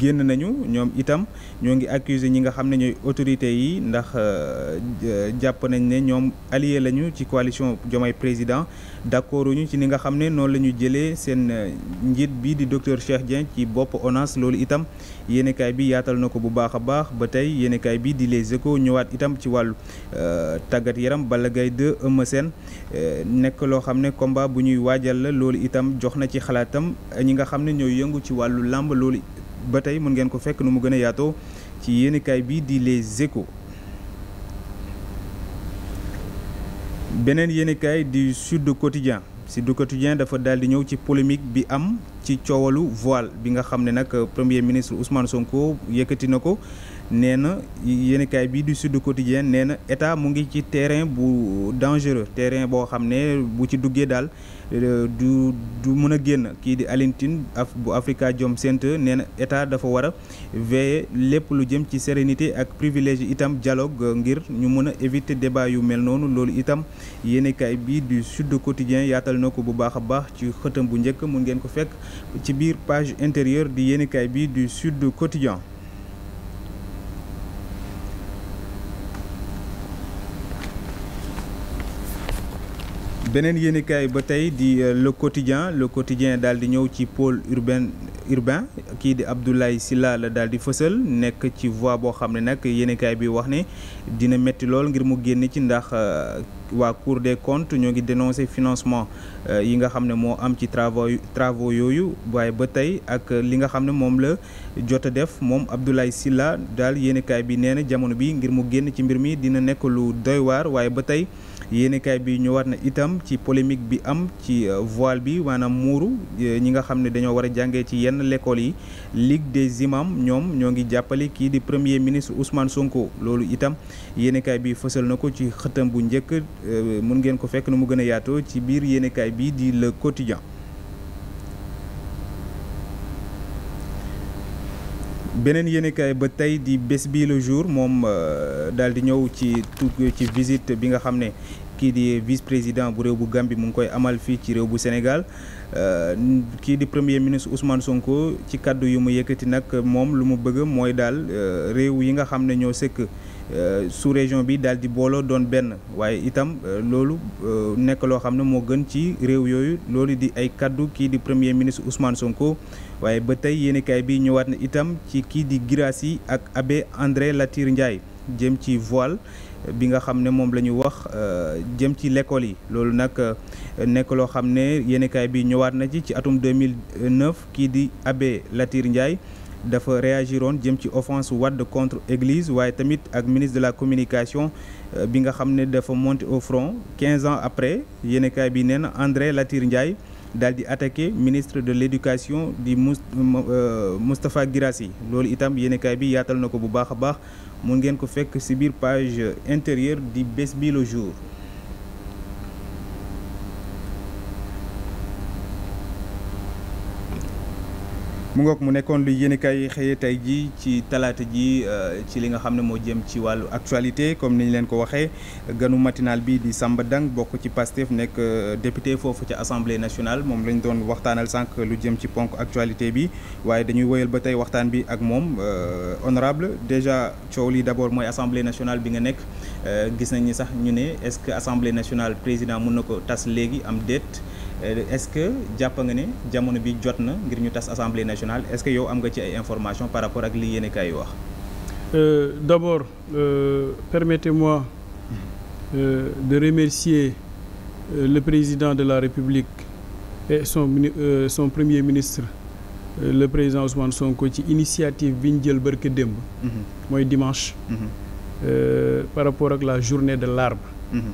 génn nañu ñoom itam ñoo ngi accusé ñi nga xam ne ñooy autorités yi ndax euh, jàpp nañ ne ñoom allié lañu ci coalition Diomaye Président ñu ci ni nga xam ne noonu la ñu jëlee seen euh, njiit bi di docteur Cheikh Dieng ci bopp ONAS loolu itam yéenekaay bi yaatal na ko bu baax a baax ba tey yéenekaay bi di lee Échos ñëwaat itam ci wàllu euh, tàggat yaram bala Gaye 2 Eumeu Sène euh, nekk loo xam ne combat bu ñuy waajal la loolu itam jox na ci xalaatam ñi nga xam ne ñooy yëngu ci wàllu làmb loolu ba tey mën ngeen ko fekk nu mu gën a yaatoo ci yéenekaay bi di Les Échos beneen yéenekaay di Sud Quotidien Sud Quotidien dafa daal di ñëw ci polémique bi am ci coowalu voile bi nga xam ne nag euh, premier ministre Ousmane Sonko yëkkati na ko nee na yéenekaay bii du Sud Quotidien nee na état mu ngi ci terrain bu dangereux terrain boo xam ne bu ci duggee daal euh, du du mën a génn kii di Alioune Tine af bu Afrikajom Center nee na état dafa war a veiller lépp lu jëm ci sérénité ak privilège itam dialogue ngir ñu mën a éviter débat yu mel noonu loolu itam yéenekaay bii du Sud Quotidien yaatal na ko bu baax a baax ci xëtam bu njëkk mun ngeen ko fekk ci biir page intérieure di yéenekaay bii du Sud Quotidien beneen yéenekaay ba tey di euh, le quotidien le quotidien daal di ñëw ci pôle urbain urbain kii di Abdoulaye Sylla la daal di fësal nekk ci voie boo xam ne nag yéenekaay bi wax ne dina métti lool ngir mu génn ci ndax euh, waa Cour de comptes ñoo ngi dénoncé financement euh, yi nga xam ne moo am ci travaux travaux yooyu waaye ba tey ak li nga xam ne moom la. jot def moom Abdoulaye Sylla daal yéenekaay bi nee na jamono bi ngir mu génn ci mbir mi dina nekk lu doy waaye ba tey yéenekaay bi ñëwaat na itam ci polémique bi am ci euh, voile bi maanaam muuru euh, ñi nga xam ne dañoo war a jàngee ci yenn lekkool yi lig des imams ñoom ñoo ngi jàppale kii di premier ministre Ousmane Sonko loolu itam yéenekaay bi fësal na ko ci xëtam bu njëkk euh, mën ngeen ko fekk nu mu gën a yaatoo ci biir yéenekaay bi di Le Quotidien beneen yéenekaay ba tey di bés bi le jour moom euh, daal di ñëw ci ci visite bi nga xam ne kii di vice président bu réew bu Gambie mu ngi koy amal fii ci réew bu Sénégal euh, kii di premier ministre Ousmane Sonko ci kàddu yu mu yëkkati nag moom lu mu bëgg mooy daal euh, réew yi nga xam ne ñoo sëkk su région bi daal di booloo doon benn waaye itam loolu nekk loo xam ne moo gën ci réew yooyu loolu di ay kàddu kii di premier ministre Ousmane Sonko. waaye ba tey yéenekaay bi ñëwaat na itam ci kii di Guirassy ak abbé André Latyr Ndiaye jëm ci voile bi nga xam ne moom la ñu wax euh, jëm ci l'école yi loolu nag euh, nekk loo xam ne yéenekaay bi ñëwaat na ci ci atum 2009 kii di abbé Latyr Ndiaye dafa réagiroon jëm ci offense Wade contre église waaye tamit ak ministre de la communication euh, bi nga xam ne dafa monter au front 15 ans après yéenekaay bi nee na André Latyr Ndiaye daal di attaqué ministre de l' éducation di euh, Moustapha Guirassy loolu itam yéenekaay bi yaatal na ko bu baax a baax mun ngeen ko fekk ci biir page intérieur di bés bi le jour. mu ngoog mu nekkoon lu yéen kay xëyee tey jii ci talaata ji euh, ci li nga xam ne moo jëm ci wàllu actualité comme ni ñu leen ko waxee ganu matinal bi di Samba Dang bokk ci Pastef nekk euh, député foofu ci assemblée nationale moom lañ doon waxtaanal sànq lu jëm ci ponk actualité bi waaye dañuy woyal ba tey waxtaan bi ak moom euh, honorable déjà coow li d'abord mooy assemblée nationale bi nga nekk gis nañ sax ñu ne est-ce que assemblée nationale président mun na ko tas léegi am déet Euh, est-ce que jàpp nga ne jamono bi jot na ngir ñu tas assemblée nationale est-ce que yow am nga ci ay informations par rapport ak li yéenekaay yi wax. Euh, d'abord euh, permettez-moi euh, de remercier le président de la République et son son premier ministre. le président Ousmane Sonko ci initiative bi ñu jël barke démb. Mhm. mooy dimanche. Mm par rapport ak la journée de l'arbre. Mm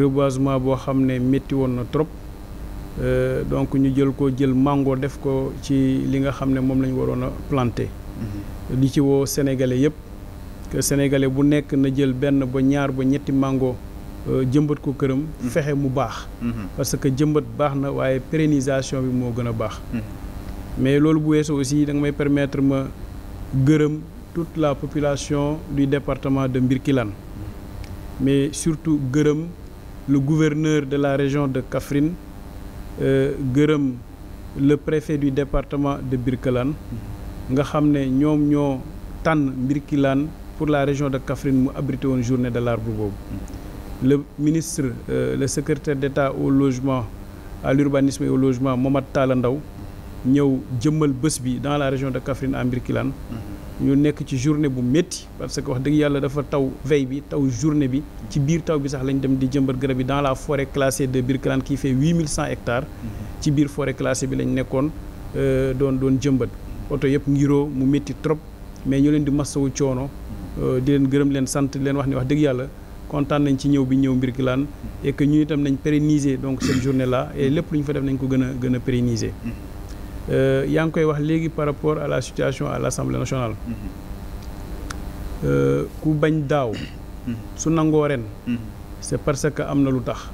reboisement boo xam ne métti woon na trop. Euh, donc ñu jël ko jël mango def ko ci li nga xam ne moom la ñu waroon a planter. li mhm. ci woo sénégalais yëpp que bu nekk na jël benn ba ñaar ba ñetti mango euh, jëmbat ko këram. Mhm. fexe mu baax. Mhm. parce que jëmbat baax na waaye pérennisation bi moo gën a baax. mais loolu bu weesoo aussi danga nga may permettre ma gërëm toute la population du département de Birkelane mais surtout gërëm le gouverneur de la région de Kaffrine. Euh, gërëm le préfet du département de Birkelane nga xam ne ñoom ñoo tànn Birkelane pour la région de Kaffrine mu abrité woon journée de l'arbre boobu le ministre euh, le secrétaire d'État au logement à l'urbanisme et au logement Momad Talla Ndaw ñëw jëmmal bés bi dans la région de Kaffrine à Birkelane ñu nekk ci journée bu métti parce que wax dëgg yàlla dafa taw veille bi taw journée bi ci biir taw bi sax lañ dem di jëmbat garab yi dans la forêt classée de Birkelane qui fait 8100 hectares mhm. ci biir forêt classée bi lañu nekkoon euh, doon doon jëmbat oto yëpp ngiroo mu métti trop mais ñu leen di masawu coono euh, di leen gërëm leen sant leen wax ni wax dëgg yàlla kontaan nañ ci ñëw bi ñëw Birkelane et que ñu itam nañ pérenniser donc cette journée là lépp lu ñu fa def nañ ko gën a gën a pérenniser mhm. Euh, yaa ngi koy wax léegi par rapport à la situation à l'Assemblée nationale mm-hmm. euh, ku bañ daaw mm-hmm. su nangoo ren mm-hmm. c'est parce que am na lu tax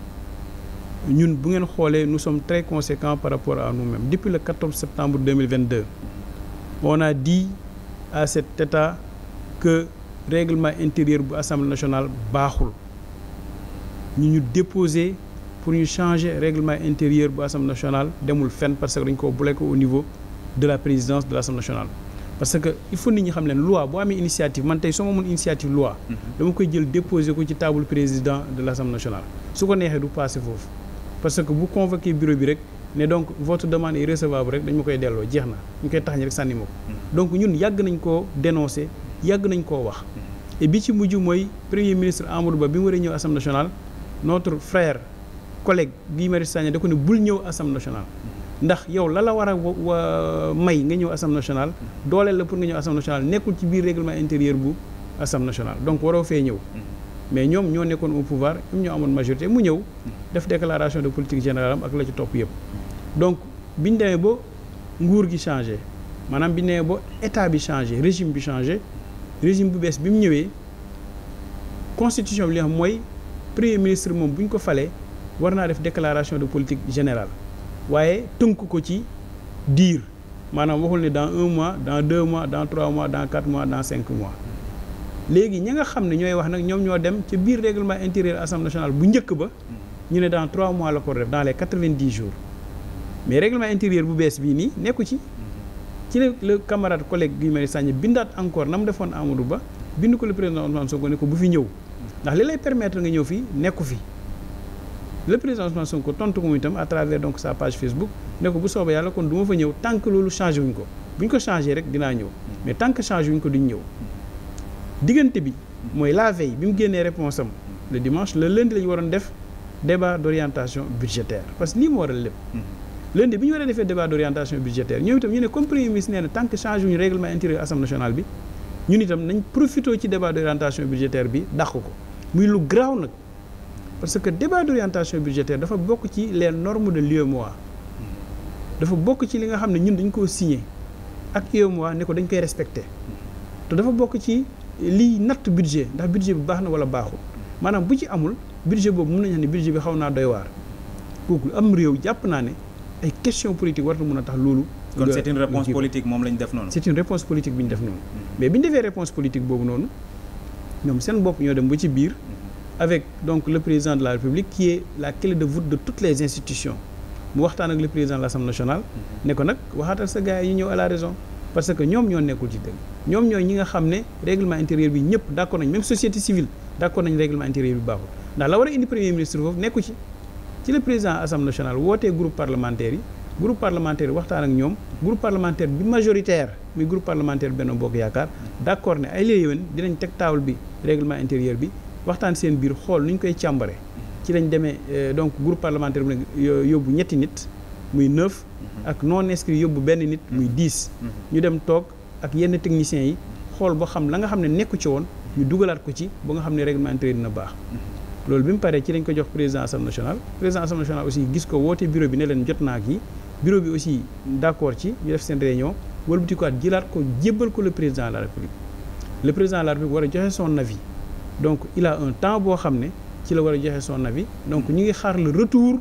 ñun bu ngeen xoolee nu sommes très conséquents par rapport à nous-mêmes depuis le 14 septembre 2022 on a dit à cet état que réglement intérieur bu assemblée nationale baaxul ñu ñu déposer pour ñu changer règlement intérieur bu assemblée nationale demul fenn parce que dañ ko bloqué au niveau de la présidence de l' assemblée nationale. parce que il faut nit ñi xam leen loi boo amee initiative man tey soo ma mun initiative loi. Mhm. dama koy jël déposé ko ci table président de la assemblée nationale. su ko neexee du passé foofu parce que bu convoqué bureau bi rek ne donc votre demande est recevable rek dañ ma koy delloo jeex na ñu koy tax ñi rek sànni ma mhm. ñun yàgg nañ koo dénoncé yàgg nañ koo wax. Mhm. et bi ci mujj mooy premier ministre Amadou Ba bi mu war a ñëw assemblée nationale notre collègue Guy Marius Sagna da ko ne bul ñëw assemblée national ndax yow la la war a wa may nga ñëw assemblée national dooleel la pour nga ñëw assemblée nationale nekkul ci biir règlement intérieur bu assemblée nationale donc waroo fee ñëw mais ñoom ñoo nekkoon au pouvoir ñoo amoon majorité mu ñëw def déclaration de politique générale am ak la ci topp yëpp donc bi ñu demee ba nguur gi changé maanaam bi ñu demee ba état bi changé régime bi changé régime bu bees bi mu ñëwee constitution bi mooy premier moom bu ko falee war naa def déclaration de politique général waaye tënk ko ci diir maanaam waxul ne dans un mois dans deux mois dans trois mois dan quatre mois dans cinq mois léegi ñi nga xam ne ñooy wax nag ñoom ñoo dem ca biir règlement intérieur assemblée nationale bu njëkk ba ñu ne dans trois mois la ko def dans les quatre vingt dix jours mais règlement intérieur bu bees bii nii nekku ci ci la le camarade collègue Guy Marius bindaat encore na mu defoon Amadou Ba bind ko le président Ousmane Sonko ko bu fi ñëw ndax li lay permettre nga ñëw fii nekku fi le président Ousmane Sonko tontu ko moom itam à travers donc sa page Facebook ne ko bu soobee yàlla kon du ma fa ñëw tant que loolu changé wuñ ko bu ñu ko changé rek dinaa ñëw mais tant que wuñ ko duñ ñëw diggante bi mooy la veille bi mu génnee réponse am le dimanche le lundi la waroon def débat d'orientation budgétaire parce que nii moo a lépp lundi bi ñu war a defee débat d'orientation budgétaire ñoom itam ñu ne comme premier ministre nee na tant que changé wuñu règlement intérieur nañ profité ci débat d'orientation budgétaire bi dàq ko muy lu graaw nag parce que débat d'orientation budgétaire dafa bokk ci les normes de l'UEMOA dafa bokk ci li nga xam ne ñun dañ koo signé ak UEMOA ne ko dañ koy respecté te dafa bokk ci liy natt budget ndax budget bi baax na wala baaxul maanaam bu ci amul budget boobu mën nañu xam ne budget bi xaw naa doy waar kooku am réew jàpp naa ne ay question politique war na mën a tax loolu kon c'est une réponse moom lañu def noonu c'est une réponse bi ñu def noonu mm-hmm. mais bi ñu defee réponse politique boobu noonu ñoom seen bopp ñoo dem ba ci biir avec donc le président de la République qui est la clé de voûte de toutes les institutions mu waxtaan ak le président de l'Assemblée nationale mhm. ne ko nag waxaatal sa gars yi ñëw à la raison parce que ñoom ñoo nekkul ci dëgg ñoom ñooy ñi nga xam ne règlement intérieur bi ñëpp d'accord nañ même société civile d'accord nañ règlement intérieur bi baaxul ndax la war a indi premier ministre foofu nekku ci ci le président Assemblée national wootee groupe parlementaire yi groupe waxtaan ak ñoom groupe bi majoritaire muy groupe parlementaire Benno Yaakaar d'accord ne ay léeg dinañ teg table bi règlement intérieur bi waxtaan seen biir xool nu ñu koy càmbare ci lañ demee euh, donc groupe parlementaire bu ne yóbbu ñetti nit muy neuf mhm. ak non inscrit yóbbu benn nit muy mhm. dix mhm. ñu dem toog ak yenn techniciens yi xool boo xam la nga xam ne nekku ci woon ñu dugalaat ko ci bu nga xam ne règlement intérieur dina baax loolu bi mu paree ci lañ ko jox président assemblée nationale président assemblée nationale aussi gis ko woote biro bi ne leen jot naa kii bureau bi aussi d'accord ci ñu def seen réunion wëlbatikuwaat jëlaat ko jébbal ko le président la république le président de la république war a joxe donc il un temps boo xam ne ci la war a joxe son avis donc ñu ngi xaar le retour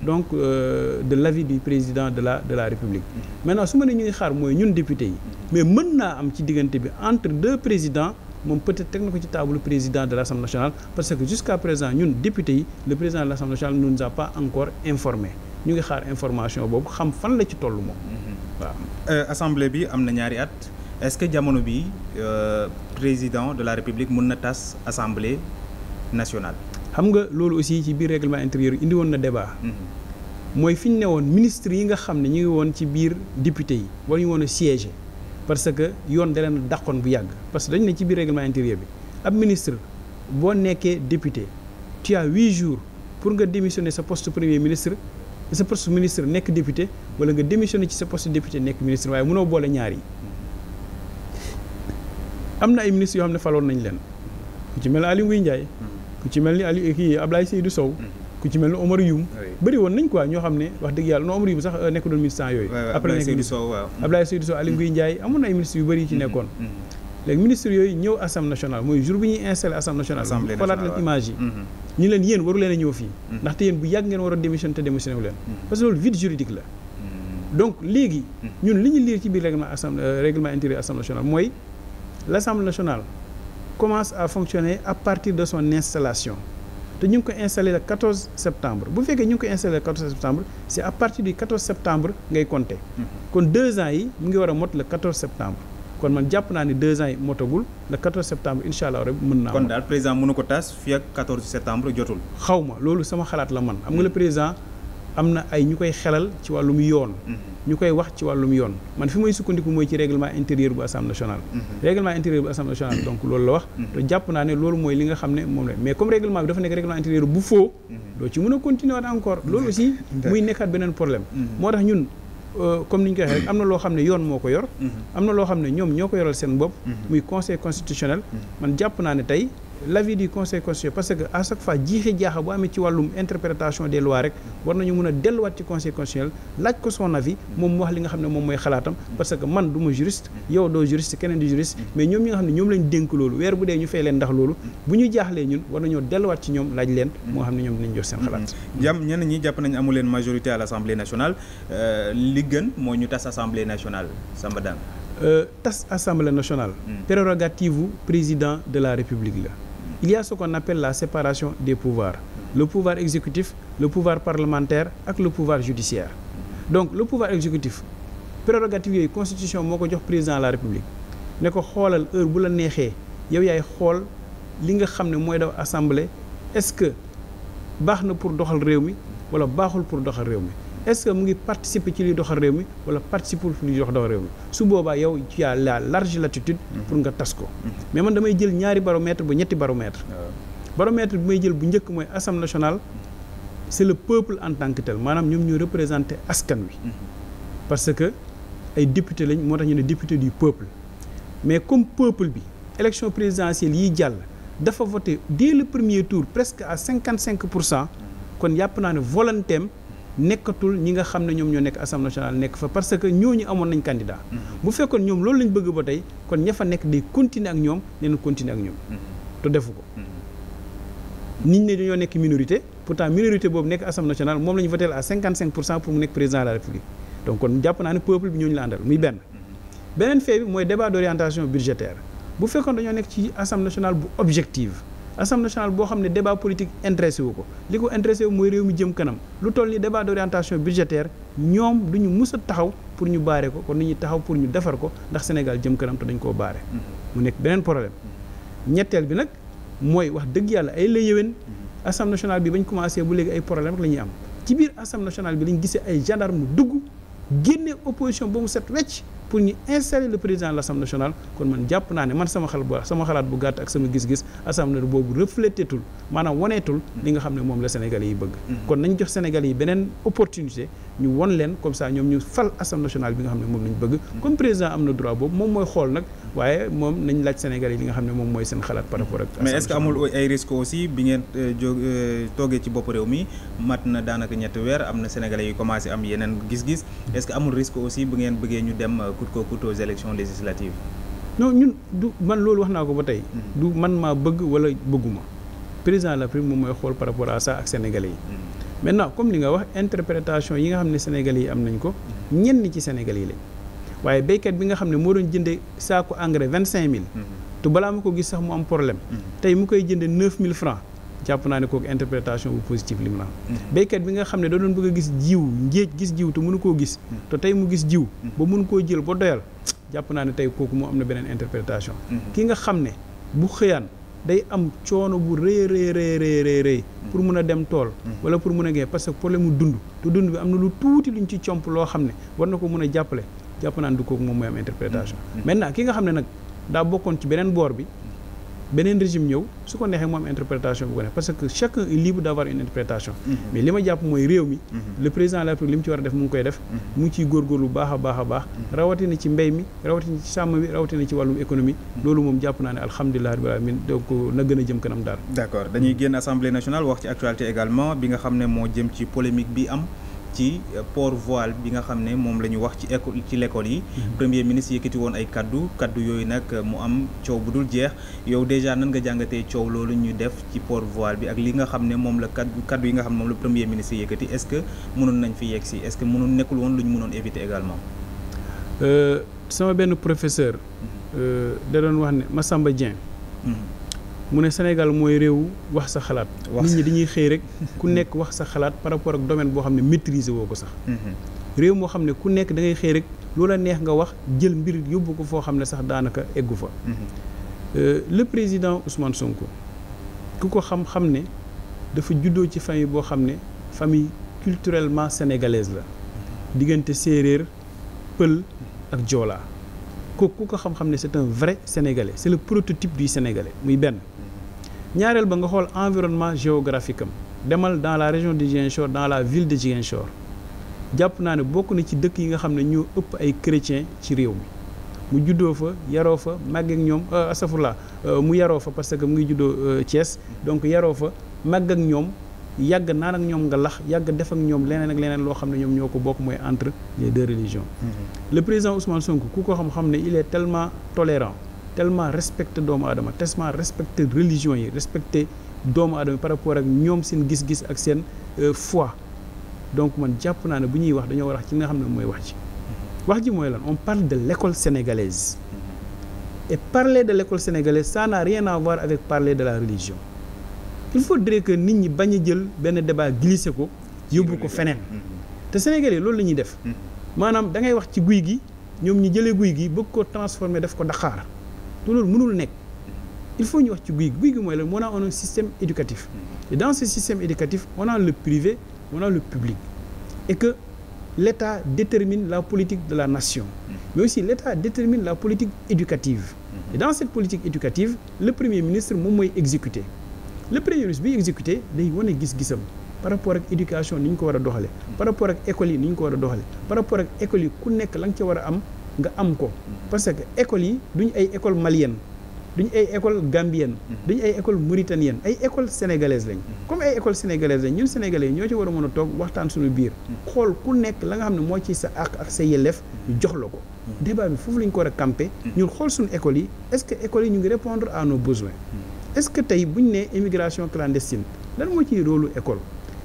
donc euh, de l'avis du président de la de la république maintenant su ma ne ñu ngi xaar mooy ñun député yi mais mën naa am ci diggante bi entre deux président moom peut-être teg na ko ci table président de l'Assemblée nationale parce que jusqu'à présent ñun député yi le président de l'Assemblée nationale ne nous a pas encore informé ñu ngi xaar information boobu xam fan la ci toll moom mm-hmm. waaw euh, assemblée bi am na ñaari at est-ce que jamono bi euh, président de la république mun na tas assemblée nationale. xam nga loolu aussi ci biir règlement intérieur indi woon na débat. Mhm. mooy fi ñu ne woon ministre yi nga xam ne ñu ngi woon ci biir député yi wala ñu woon a siéger parce que yoon da leen dàqoon bu yàgg parce que dañu ne ci biir règlement intérieur bi ab ministre boo nekkee député tu as huit jours pour nga démissionner sa poste premier ministre sa poste ministre nekk député wala nga démissionner ci sa poste boole ñaar am na ay ministres yoo xam ne faloon nañ leen ku ci mel ne Aly Ngouille Ndiaye ku ci mel ni Aliou kii Ablaye Seydou ku ci mel ni Omar Youm bëri woon nañ quoi ñoo xam ne wax dëgg yàlla non Omar Youm sax euh, nekk doon ministre temps yooyu après nekk Ablaye Seydou Sow Aly Ngouille Ndiaye amoon na ay ministres yu bëri ci mm-hmm. nekkoon mm-hmm. léegi ministre yooyu ñëw assemblée nationale mooy jour bi ñuy installé assemblée nationale xoolaat leen image yi mm-hmm. ñu leen yéen waru ñëw fii ndaxte yéen bu yàgg ngeen war a démissionné te démissionné wu leen parce ñun li ñu liir ci biir règlement assemblée euh, règlement intérieur mooy l'Assemblée national commence à fonctionner à partir de son installation te ñu ngi ko installé le 14 septembre bu fekkee ñu ngi ko installé le 14 septembre c' à partir du 14 septembre ngay compter. Mhm. kon deux ans yi mu ngi war a mot le 14 septembre. kon man jàpp naa ne deux ans yi motagul le 14 septembre incha allah rek mën naa. kon daal président mënu ko tas fi ak 14 septembre jotul. xaw ma loolu sama xalaat la man. am nga la mhm. président am na ay ñu koy xelal ci yoon. Mhm. ñu koy wax ci wàllum yoon man fi may sukkandiku mooy ci règlement intérieur bu assemblée nationale mhm. règlement intérieur bu assemblée nationale donc loolu la wax te mhm. jàpp naa ne loolu mooy li nga xam ne moom la mais comme règlement bi dafa nekk règlement intérieur bu faux mhm. doo ci mën a continuer waat encore loolu aussi muy nekkaat beneen problème moo tax ñun euh, comme ni ñu ko waxee am na loo xam ne yoon moo ko yor am na loo xam ne ñoom ñoo ko yoral seen bopp muy conseil constitutionnel man jàpp naa ne tey l'avis du conseil constitutionnel parce que à chaque fois jiixi jaaxa bu amee ci wàllum interprétation des lois rek war nañu mën a delluwaat ci conseil constitutionnel laaj ko son avis moom mu wax li nga xam ne moom mooy xalaatam parce que man du ma juriste yow doo juriste keneen di juriste mais ñoom ñi nga xam ne ñoom lañ dénk loolu weer bu dee ñu fay leen ndax loolu bu ñu jaaxlee ñun war nañoo delluwaat ci ñoom laaj leen moo xam ne ñoom dinañ jox seen xalaat mm-hmm. jàmm ñenn jàpp nañ amu leen majorité à l'Assemblée nationale euh, li gën mooy ñu tas Assemblée nationale Samba Dane euh, tas Assemblée nationale mm. prérogative président de la République la il y a ce la séparation des pouvar le pouvar exécutif le pouvoir parlementaire ak le pouvoir judiciaire donc le pouvoir exécutif prérogative yooyu constitution moo ko jox président la république ne ko xoolal heure bu la neexee yow yaay xool li nga xam ne mooy daw assemblée est-ce que baax na pour doxal réew mi walla baaxul pour doxal réew mi est-ce que mu ngi participer ci liy doxal mi wala participer ci liy dox dox réew mi su boobaa yow tu as la large latitude. Mhm. pour nga tas ko. Mhm. mais man damay jël ñaari baromètre bu ñetti baromètre. baromètre bi may jël bu njëkk mooy assemblée nationale. c'est le peuple en tant que tel maanaam ñoom ñu représenté askan wi. Mhm. parce que ay député lañ moo tax ñu ne député du peuple. mais comme peuple bi élection présidentielle yi jàll dafa voté dès le premier tour presque à cinquante cinq pour cent kon yàpp naa ne volonté nekkatul ñi nga xam ne ñoom ñoo nekk assemblée nationale nekk fa parce que ñooñu amoon nañ candidat mhm. bu fekkoon ñoom loolu lañ bëgg ba tey kon ña fa nekk day continuer ak ñoom neen continuer ak ñoom mhm. te defu ko mhm. niñ ne dañoo nekk minorité pourtant minorité boobu nekk assemblée national moom la fa voté à 55 pour cent pour mu nekk président la république donc kon jàpp naa ne peuple bi ñooñu la àndal muy benn beneen fait bi mooy débat d' orientation budgétaire bu fekkoon dañoo nekk ci assemblée nationale bu objective assemblée nationale boo xam ne débat politique intéressé wu ko li ko intéressé wu mooy réew mi jëm kanam lu toll ni débat d'orientation budgétaire ñoom du ñu mus a taxaw pour ñu baare ko kon ni ñuy taxaw pour ñu defar ko ndax Sénégal jëm kanam te dañ koo baare mm-hmm. mu nekk beneen problème ñetteel bi nag mooy wax dëgg yàlla ay la yéwén mm-hmm. assemblée nationale bi bañ commencé bu léegi ay problème rek la ñuy am ci biir assemblée nationale bi lañ gisee ay mu dugg génne opposition ba set wecc pour ñu installer le président de l'Assemblée nationale kon man jàpp naa ne man sama xel bu sama xalaat bu gàtt ak sama gis-gis assemblée boobu reflété maanaam waneetul li nga xam ne moom la Sénégalais yi bëgg mhm. kon nañ jox Sénégalais yi beneen opportunité ñu won leen comme ça ñoom ñu fal assemblée nationale bi nga xam ne moom lañ bëgg mhm. comme président am na droit boobu moom mooy xool nag waaye moom nañ laaj Sénégalais yi li nga xam ne moom mooy seen xalaat par rapport ak mais est-ce que amul ay risque aussi bi ngeen euh, euh, na daanaka ñetti weer am na Sénégalais yu commencé am yeneen gis-gis est-ce que ngeen bëggee ñu dem euh, coûte que coûte aux élections ñun du man loolu wax naa ko ba tey mm. du man maa bëgg wala bëgguma président de la République moom mooy xool par rapport à ça ak sénégalais yi mmh. maintenant comme li nga wax interprétation yi nga xam ne sénégalais yi am nañ ko mm. ñenn ci sénégalais yi lañ waaye béykat bi nga xam ne moo doon jënde saako engrais vingt cinq mille mm. te balaa ma ko gis sax mu am problème tey mu koy jënde neuf mille francs jàpp naa ne kooku interprétation bu positive li mu mm-hmm. béykat bi nga xam ne da doon bëgg a gis jiw njéej gis jiw te mënu koo gis mm-hmm. te tey mu gis jiw mm-hmm. ba mënu koo jël ba doyal jàpp naa ne tey kooku moo am na beneen interprétation ki nga xam ne bu xëyaan day am coono bu rëy rëy rëy rëy rëy pour mun a dem tool wala pour mun a parce que problème mu dund te bi am na lu tuuti luñ ci comp loo xam ne na ko mun a jàppale jàpp naa ne moom mooy am interprétation maintenant ki nga xam ne nag daa bokkoon ci beneen boor bi beneen régime ñëw su ko neexee moom interprétation bu ko neex parce que chacun est libre d' avoir une interprétation mhm. mais li ma jàpp mooy réew mi mhm. le président la République li mu ci war a def mu ngi koy def mhm. mu ngi ciy góorgóorlu baax a baax a baax rawatina ci mbéy mi rawatina ci sàmm mi rawatina ci wàllum économie loolu moom jàpp naa ne alhamdulilah rabbil alamin donc na gën a jëm kanam daal d' accord dañuy génn assemblée nationale wax ci actualité également bi nga xam ne moo jëm ci polémique bi am ci port voile bi nga xam ne moom la ñu wax ci école ci l'école yi mm-hmm. premier ministre yëkkati woon ay kaddu kaddu yooyu nag mu am coow bu dul jeex yow déjà nan nga jàngatee coow loolu ñu def ci port voile bi ak li nga xam ne moom la kaddu kaddu yi nga xam ne moom la premier ministre yëkkati est-ce que mënoon nañ fi yegg si est-ce que mënoon nekkul woon lu ñu mënoon éviter également euh, sama benn professeur mm-hmm. euh, da doon wax ne Massamba Dieng mm-hmm. mu ne Sénégal mooy réew wax sa xalaat. nit ñi dañuy xëy rek ku nekk wax sa xalaat par rapport ak domaine boo xam ne maîtriser woo ko sax. Mhm. réew moo xam ne ku nekk da ngay xëy rek a neex nga wax jël mbir yóbbu ko foo xam ne sax daanaka eggu fa. Mhm. Euh, le président Ousmane Sonko ku ko xam-xam ne dafa juddoo ci famille boo xam ne famille culturellement sénégalaise la mhm. diggante séeréer pël ak joola kooku ku ko xam-xam ne c'est un vrai sénégalais c'est le prototype du muy benn. ñaareel ba nga xool environnement géographique am demal dans la région de Ziguinchor dans la ville de Ziguinchor jàpp naa ne bokk na ci dëkk yi nga xam ne ñoo ëpp ay chrétiens ci réew mi mu juddoo fa yaroo fa màgg ak ñoom euh, astafurlah euh, mu yaroo fa parce que mu ngi juddoo euh, Thiès donc yaroo fa màgg ñoom yàgg naan ak ñoom nga lax yàgg def ak ñoom leneen ak leneen loo xam ne ñoom ñoo ko bokk mooy entre les de religions. Mm-hmm. le président Ousmane Sonko ku ko xam-xam ne il est tellement tellement respecté doomu aadama tellement respecté religion yi respecté doomu aadama par rapport ak ñoom seen gis-gis ak seen euh, fois donc man jàpp naa ne bu ñuy wax dañoo war a wax ci nga xam ne mooy wax ci wax ji mooy la on parle de l'école sénégalaise et parle de l'école sénégalaise ça n'a rien à voir avec parler de la religion il faudrait que nit ñi bañ jël benn débat glissé ko yóbbu ko feneen te Sénégalais loolu la ñuy def maanaam da ngay wax ci guy gi ñoom ñu jëlee guy gi bëgg ko transformer def ko Dakar te loolu mënul nekk il faut ñu wax ci guy guy mooy la moo naa on a un système éducatif et dans ce système éducatif on a le privé on a le public et que l'État détermine la politique de la nation mais aussi l'État détermine la politique éducative et dans cette politique éducative le premier moom mooy exécuter le premier ministre day wane gis-gisam par rapport ak éducation ni ñu ko war a doxale par rapport ak école yi ni ñu ko war a doxale par rapport ak école yi ku nekk la nga ca war a am nga am ko parce que écoles yi duñ ay école malienne duñ ay école gambienne duñ ay école mauritanienne ay école sénégalaise lañ comme ay école sénégalaise lañ ñun sénégalais yi ñoo ci war a mën a toog waxtaan suñu biir xool ku nekk la nga xam ne moo ci sa àq ak sa yelleef ñu jox la ko débat bi foofu lañ ko war a ñun xool suñu écoles yi est-ce que écoles yi ñu ngi répondre à nos besoins est que tey bu ñu nee immigration clandestine lan moo ciy roolu école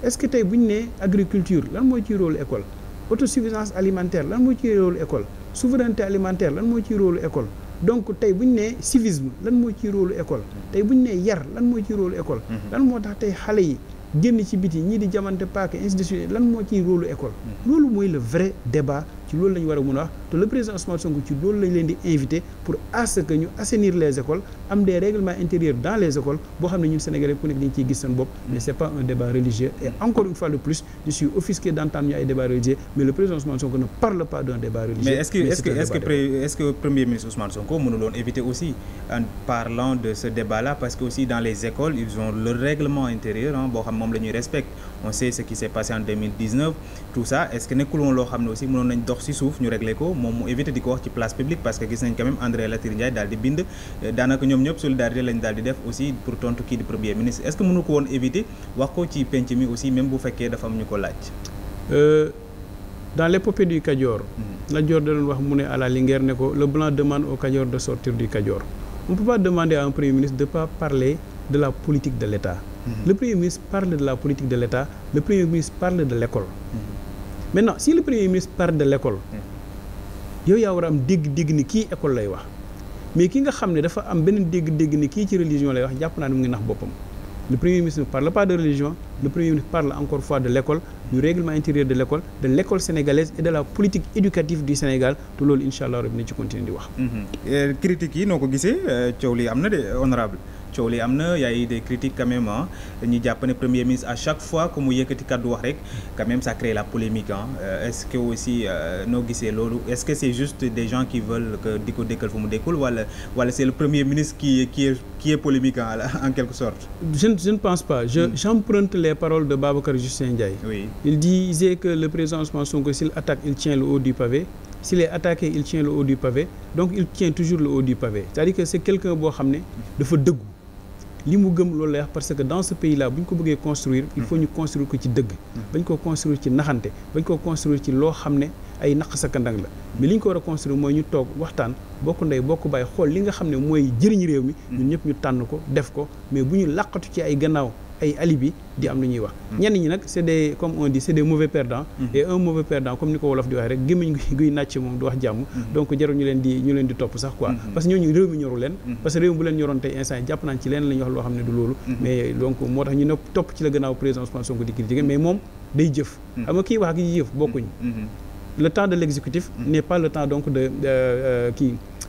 est-ce que tey bu ñu nee agriculture lan moo ciy rôlu école autosuffisance alimentaire lan moo ciy école souveraineté alimentaire lan moo ciy rôlu école donc tey bu ñu nee civisme lan moo ciy rôlu école tey bu ñu nee yar lan moo ci rôlu école mhm. lan moo tax tey xale yi génn ci biti ñii di jamante paaka institution lan moo ciy rôlu école mhm. loolu mooy le vrai débat loolu la war a mën wax te le président Ousmane Sonko ci loolu lañ leen di invité pour à ce que ñu assainir les écoles am des règlements intérieurs dans les écoles boo xam ne ñun Sénégalais ku nekk dañ ciy gis seen bopp mais c'est pas un débat religieux et encore une fois de plus je suis offusqué d'entendre ñu ay débat religieux mais le président Ousmane Sonko ne parle pas d'un débat religieux mais est-ce que premier ministre Ousmane Sonko mënuloon éviter on sait ce qui s'est passé en 2019 tout ça est-ce que nekkul woon loo xam ne aussi mënoon nañ dox ci suuf ñu réglé ko moom mu éviter di ko wax ci place publique parce que gis nañ quand même André Latir di bind euh, daanaka ñoom ñëpp solidarité lañ daal di def aussi pour tontu kii di premier ministre est-ce ko woon éviter wax ko ci penc mi aussi même bu fekkee dafa am ñu ko laaj euh, dans l'épopée du Kajoor mhm. Lat da doon wax mu ne à la Linguère ne ko le blanc demande au Kajoor de sortir du Kajoor on ne peut pas le premier ministre parle de la politique de l'État le premier ministre parle de l'école maintenant si le premier ministre parle de l'école yow yaa war a am dégg-dégg ni kii école lay wax mais ki nga xam ne dafa am beneen dégg-dégg ni kii ci religion lay wax jàpp naa ne mu ngi nax boppam le premier ministre ne parle pas de religion le premier ministre parle encore fois de l'école du règlement intérieur de l'école de l'école sénégalaise et de la politique éducative du Sénégal te loolu incha allah rabi na di wax. Mm-hmm. Euh, critiques yi noo ko gisee euh, coow li am na de honorable coow li am na y a eu des critiques quand même ah dañuy jàpp ne premier ministre à chaque fois que mu yëkkati kàddu wax rek quand même ça crée la polémique euh, est-ce que aussi euh, noo gisee loolu est-ce que c'est juste des gens qui veulent que di ko dëkkal fu mu wala wala c'est le premier ministre qui qui est qui est polémique en quelque sorte. je ne je ne pense pas je hmm. j'emprunte les paroles de Babacar Justin Ndiaye. oui il disait que le président Ousmane Sonko s'il attaque il tient boo xam ne dafa dëggu li mu gëm loolu lay wax parce que dans ce pays là bu ñu ko bëggee construire il faut ñu construire ko ci dëgg mm-hmm. bañ ko construire ci naxante bañ ko construire ci loo xam ne ay naq sa la mais li ñu ko war a mooy ñu toog waxtaan bokk ndey ko bàyyi xool li nga xam ne mooy jëriñ réew mi mm-hmm. ñun ñëpp ñu tànn ko def ko mais bu ñu làqatu ci ay gannaaw ay alibi di am lu ñuy wax. Mm. ñenn ñi nag c' est comme on dit c' est des mauvais perdants. Mm. et un mauvais perdant comme ni ko wolof di waxee rek gémmiñ guy nàcc moom du wax jàmm. Mm. donc jarul ñu leen di ñu leen di topp sax quoi. Mm-hmm. parce que ñooñu réew mi ñoru leen. Mm-hmm. parce que réew mi bu leen ñoroon tey instant jàpp naan ci leen la wax loo xam ne du loolu. Mm-hmm. mais donc moo tax ñu ne topp ci la gannaaw président Ousmane Sonko di critiquer mais moom day jëf. xam nga wax ak jëf bokkuñ. le temps de l' n' est pas le euh, kii.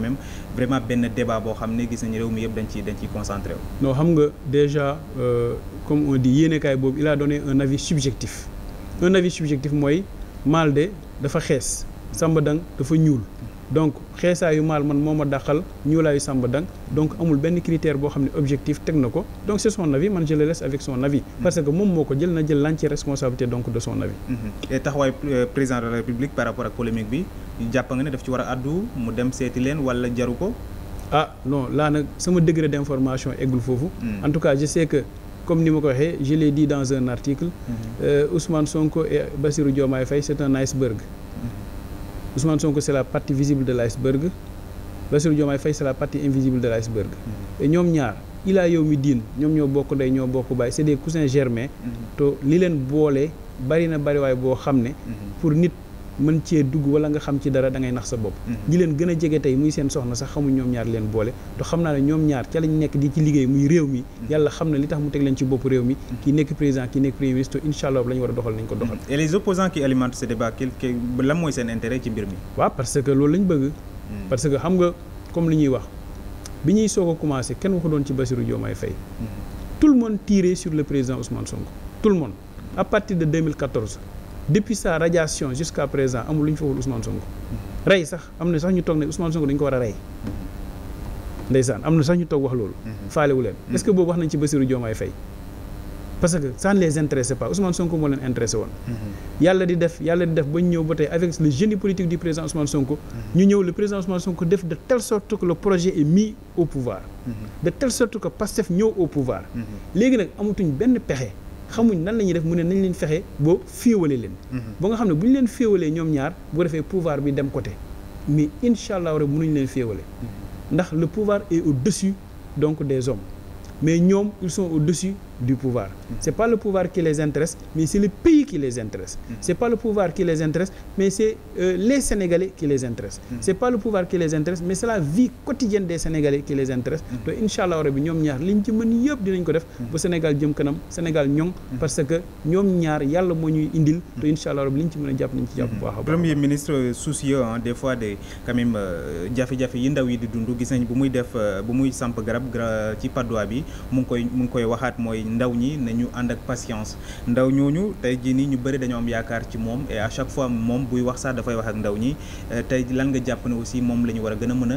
quand même vraiment benn débat boo xam ne gis nañu réew mi yëpp dañ ciy dañ ciy concentré wu. xam nga déjà euh, comme on dit yéenekaay boobu il a donné un avis subjectif un avis subjectif mooy Maldé dafa xees Samba Dang dafa ñuul. donc xeesaayu maal man moo ma dàqal ñuulaayu sàmba dang donc amul benn critère boo xam ne objectif teg na ko donc c'est son avis man je le laisse avec son avis. Mm-hmm. parce que moom moo ko jël na jël l'entière responsabilité donc de son avis. Mm-hmm. et taxawaay euh, président de la république par rapport ak polémique bi jàpp nga ne daf ci war a addu mu dem seeti leen wala jaru ko. ah no laa nag sama degré d'information eggul foofu. Mm. en tout cas je que. comme ni ma ko waxee je l'ai dit dans un article. Mm-hmm. Euh, Ousmane Sonko et Bassirou Diomaye Faye c'est un iceberg. Ousmane Sonko c'est la partie visible de l'iceberg Bassirou Diomaye Faye c'est la partie invisible de l'iceberg et ñoom ñaar ilaa yow mi diin ñoom ñoo bokk ndey ñoo bokk baay c'est des cousins germains mm-hmm. te li leen boole bari na bariwaay boo xam ne mm-hmm. pour nit mën cee dugg wala nga xam ci dara da ngay nax sa bopp mm-hmm. ñi leen gën a jege tey muy seen soxna sax xamuñ ñoom ñaar leen boole te xam naa ne ñoom ñaar ca lañ nekk di ci liggéey muy réew mi mm-hmm. yàlla xam na li tax mu teg leen ci bopp réew mi mm-hmm. kii nekk président kii nekk premier ministre la a ko doxal et les opposants qui alimentent ce débat lan mooy seen intérêt ci mbir mi waaw parce que loolu lañ bëgg parce que xam nga comme li ñuy wax bi ñuy soog a commencé kenn waxu doon ci Bassirou Diomaye Faye tout le monde tirait sur le président depuis sa radiation jusqu'à présent amul lu ñu fa waxul Sonko rey sax am na sax ñu toog ne ko war a rey ndeysaan am na sax ñu toog wax loolu mhm. faalewu leen est-ce que boobu wax nañ ci Bassirou Diomaye Faye parce que ça ne les intéressait pas Ousmane Sonko moo leen intéressé woon mhm. yàlla di def yàlla di def ba ñu ñëw ba tey avec le génie politique du président Ousmane Sonko mhm. ñu ñëw le président Ousmane Sonko def de telle sorte que le projet est mis au pouvoir de telle que Pastef ñëw au pouvoir léegi nag amatuñ benn pexe xamuñ nan la ñuy def mu ne nañ leen fexe boo féewalee leen mhm. ba nga xam ne bu ñu leen féewalee ñoom ñaar bu defee pouvoir bi dem côté mais incha allah rek mënuñ leen féewalee mhm. ndax le pouvoir est au-dessus donc des hommes mais ñoom ils sont au-dessus du pouvoir c'est pas le pouvoir qui les intéresse mais c'est le pays qui les intéresse mm. c'est pas le pouvoir qui les intéresse mais c'est euh, les Sénégalais qui les intéressent mm. c'est pas le pouvoir qui les intéresse mais c'est la vie quotidienne des Sénégalais qui les intéresse te mm. incha allah rabbi ñoom ñaar liñ ci mën yëpp dinañ ko def bu Sénégal jëm kanam Sénégal ñoŋ parce que ñoom ñaar yàlla moo ñuy indil te incha allah rabbi liñ ci mën a jàpp nañ ci jàpp euh, des fois des quand euh, yi ndaw yi di dund gis nañ bu muy def bu muy samp garab ci padduwaa bi mu ngi koy mu ngi koy waxaat mooy ndaw ñi ñu ànd ak patience ndaw ñooñu tey jii nii ñu bari dañoo am yaakaar ci moom et chaque fois moom buy wax sax dafay wax ak ndaw ñi euh, tey lan nga jàpp ne aussi moom la ñu war a gën a mën a